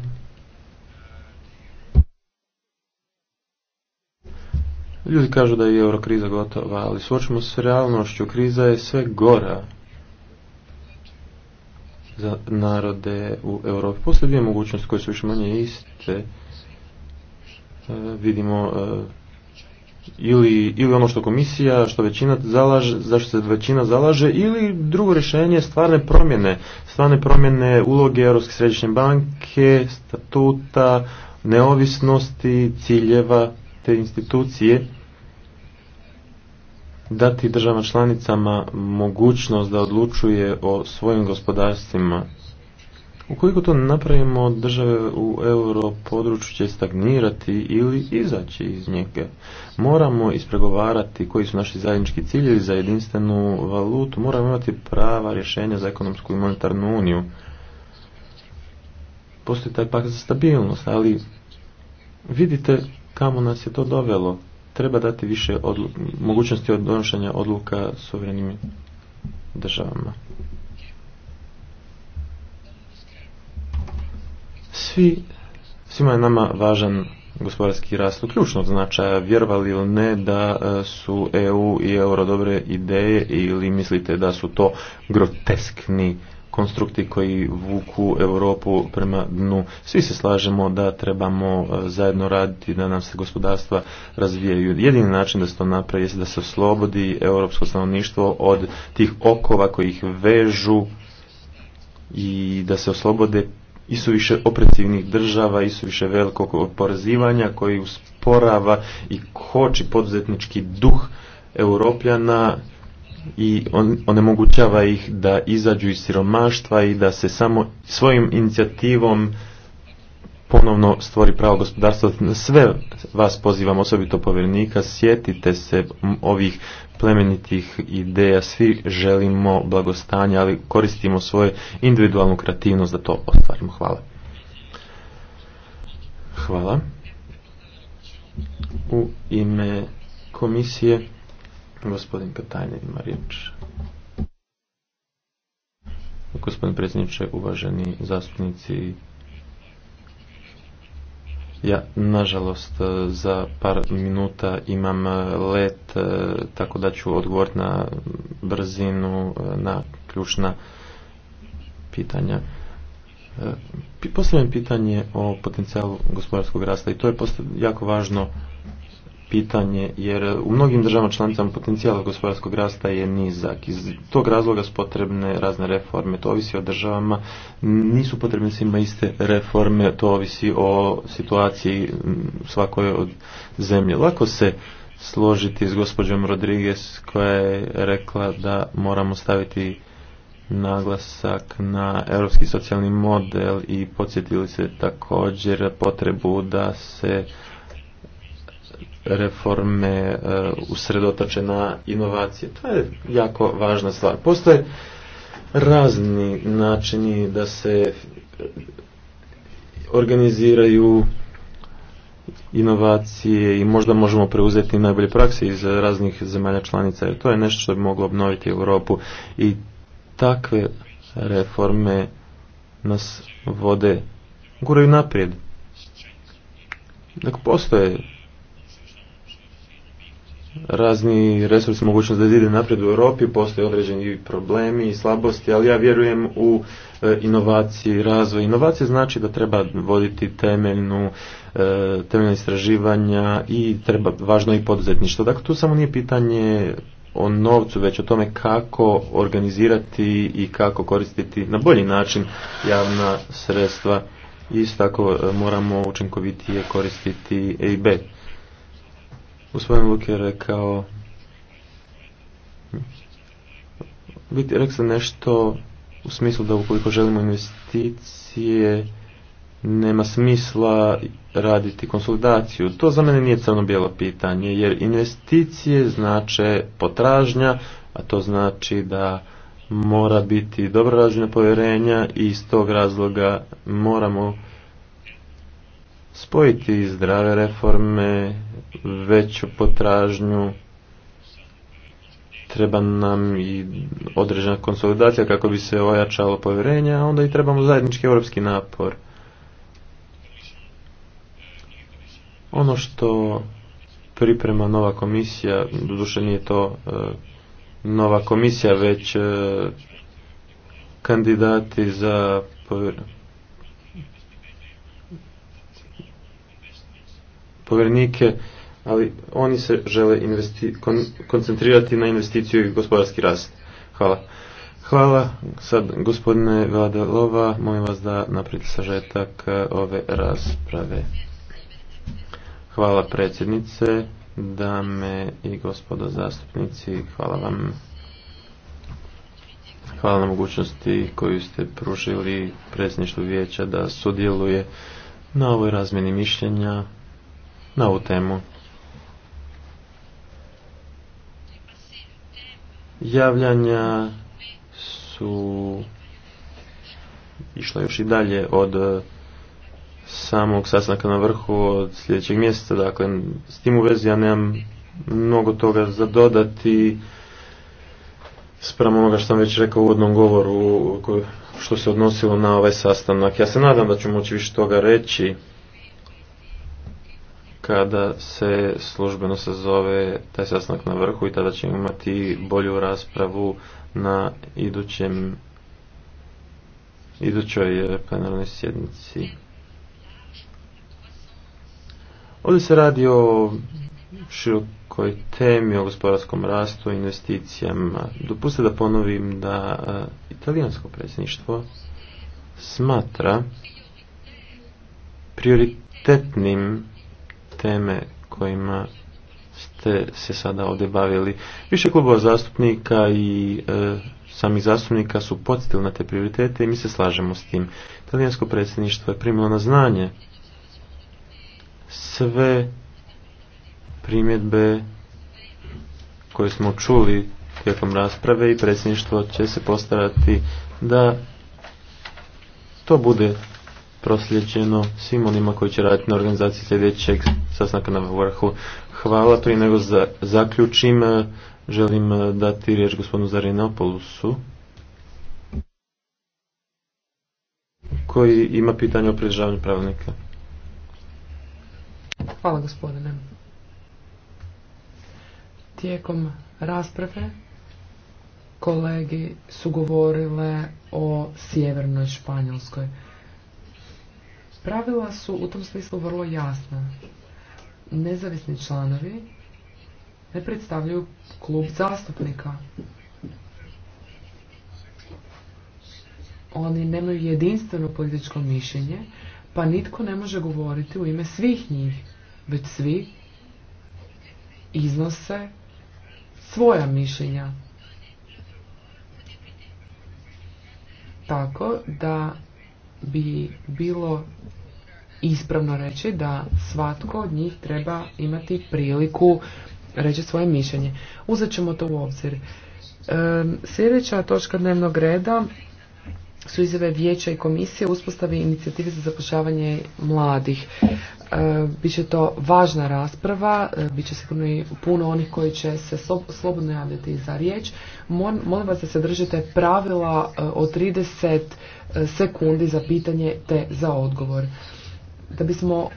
Ljudi kažu da je eurokriza gotova, ali suočimo se s realnošću. Kriza je sve gora za narode u Europi. Poslije dvije mogućnosti koje su više manje iste. E, vidimo e, ili, ili ono što komisija, što većina zalaže, zašto se većina zalaže, ili drugo rješenje stvarne promjene. Stvarne promjene uloge Europske središnje banke, statuta, neovisnosti, ciljeva te institucije dati državama članicama mogućnost da odlučuje o svojim gospodarstvima. Ukoliko to napravimo, države u euro području će stagnirati ili izaći iz njega. Moramo ispregovarati koji su naši zajednički ciljevi za jedinstvenu valutu, moramo imati prava rješenja za ekonomsku i monetarnu uniju. Postoji taj pak za stabilnost, ali vidite kamo nas je to dovelo treba dati više odlu mogućnosti od donošenja odluka suverenim državama. Svi, svima je nama važan gospodarski rast od ključnog značaja. Vjerovali ili ne da e, su EU i euro dobre ideje ili mislite da su to groteskni konstrukti koji vuku Europu prema dnu. Svi se slažemo da trebamo e, zajedno raditi da nam se gospodarstva razvijaju. Jedini način da se to napravi je da se oslobodi europsko stanovništvo od tih okova koji ih vežu i da se oslobode i su više opresivnih država i su velikog oporezivanja koji usporava i koči poduzetnički duh europljana i on, onemogućava ih da izađu iz siromaštva i da se samo svojim inicijativom ponovno stvori pravo gospodarstvo. Sve vas pozivam, osobito povjerenika, sjetite se ovih plemenitih ideja, svi želimo blagostanje, ali koristimo svoju individualnu kreativnost da to ostvarimo. Hvala. Hvala. U ime komisije Gospodin Katajnen ima Gospodin predsjedniče, uvaženi zastupnici, ja, nažalost, za par minuta imam let, tako da ću odgovoriti na brzinu, na ključna pitanja. Postavljam pitanje o potencijalu gospodarskog rasta i to je jako važno pitanje jer u mnogim državama članicama potencijal gospodarskog rasta je nizak. Iz tog razloga su potrebne razne reforme, to ovisi o državama, nisu potrebne svima iste reforme, to ovisi o situaciji mm, svakoj od zemlje. Lako se složiti s gospođom Rodriguez koja je rekla da moramo staviti naglasak na europski socijalni model i podsjetili se također potrebu da se reforme e, usredotače na inovacije. To je jako važna stvar. Postoje razni načini da se organiziraju inovacije i možda možemo preuzeti najbolje prakse iz raznih zemalja članica jer to je nešto što bi moglo obnoviti Europu i takve reforme nas vode guraju naprijed. Dakle, postoje razni resursi mogućnost da ide naprijed u Europi, postoje određeni problemi i slabosti, ali ja vjerujem u e, inovacije i razvoj. Inovacije znači da treba voditi temeljnu, e, temeljna istraživanja i treba važno i poduzetništvo. Dakle, tu samo nije pitanje o novcu, već o tome kako organizirati i kako koristiti na bolji način javna sredstva. Isto tako e, moramo učinkovitije koristiti EIB. Gospodin Luk je rekao biti rekao nešto u smislu da ukoliko želimo investicije nema smisla raditi konsolidaciju. To za mene nije crno-bijelo pitanje, jer investicije znače potražnja, a to znači da mora biti dobro povjerenja i iz tog razloga moramo spojiti zdrave reforme, veću potražnju, treba nam i određena konsolidacija kako bi se ojačalo povjerenje, a onda i trebamo zajednički europski napor. Ono što priprema nova komisija, doduše nije to e, nova komisija, već e, kandidati za povjerenje povjerenike, ali oni se žele koncentrirati na investiciju i gospodarski rast. Hvala. Hvala. Sad, gospodine Lova. molim vas da napravite sažetak eh, ove rasprave. Hvala predsjednice, dame i gospodo zastupnici, hvala vam. Hvala na mogućnosti koju ste pružili predsjedništvu vijeća da sudjeluje na ovoj razmjeni mišljenja na ovu temu. Javljanja su išla još i dalje od e, samog sastanka na vrhu od sljedećeg mjeseca. Dakle, s tim u vezi ja nemam mnogo toga za dodati spram onoga što sam već rekao u uvodnom govoru što se odnosilo na ovaj sastanak. Ja se nadam da ću moći više toga reći kada se službeno sazove taj sastanak na vrhu i tada ćemo imati bolju raspravu na idućem idućoj eh, plenarnoj sjednici. Ovdje se radi o širokoj temi, o gospodarskom rastu, investicijama. Dopustite da ponovim da eh, italijansko predsjedništvo smatra prioritetnim teme kojima ste se sada ovdje bavili. Više klubova zastupnika i e, samih zastupnika su podsjetili na te prioritete i mi se slažemo s tim. Italijansko predsjedništvo je primilo na znanje sve primjedbe koje smo čuli tijekom rasprave i predsjedništvo će se postarati da to bude proslijeđeno svim onima koji će raditi na organizaciji sljedećeg sastanka na vrhu. Hvala, prije nego za, zaključim, eh, želim eh, dati riječ gospodinu Zarinopoulosu koji ima pitanje o pridržavanju pravilnika. Hvala gospodine. Tijekom rasprave kolegi su govorile o sjevernoj Španjolskoj. Pravila su u tom smislu vrlo jasna. Nezavisni članovi ne predstavljaju klub zastupnika. Oni nemaju jedinstveno političko mišljenje, pa nitko ne može govoriti u ime svih njih, već svi iznose svoja mišljenja. Tako da bi bilo ispravno reći da svatko od njih treba imati priliku reći svoje mišljenje. Uzet ćemo to u obzir. sljedeća točka dnevnog reda su izjave vijeća i komisije uspostavi inicijative za zapošljavanje mladih. E, biće to važna rasprava, e, bit će sigurno i puno onih koji će se slobodno javljati za riječ. molim vas da se držite pravila e, od 30 e, sekundi za pitanje te za odgovor. Da bismo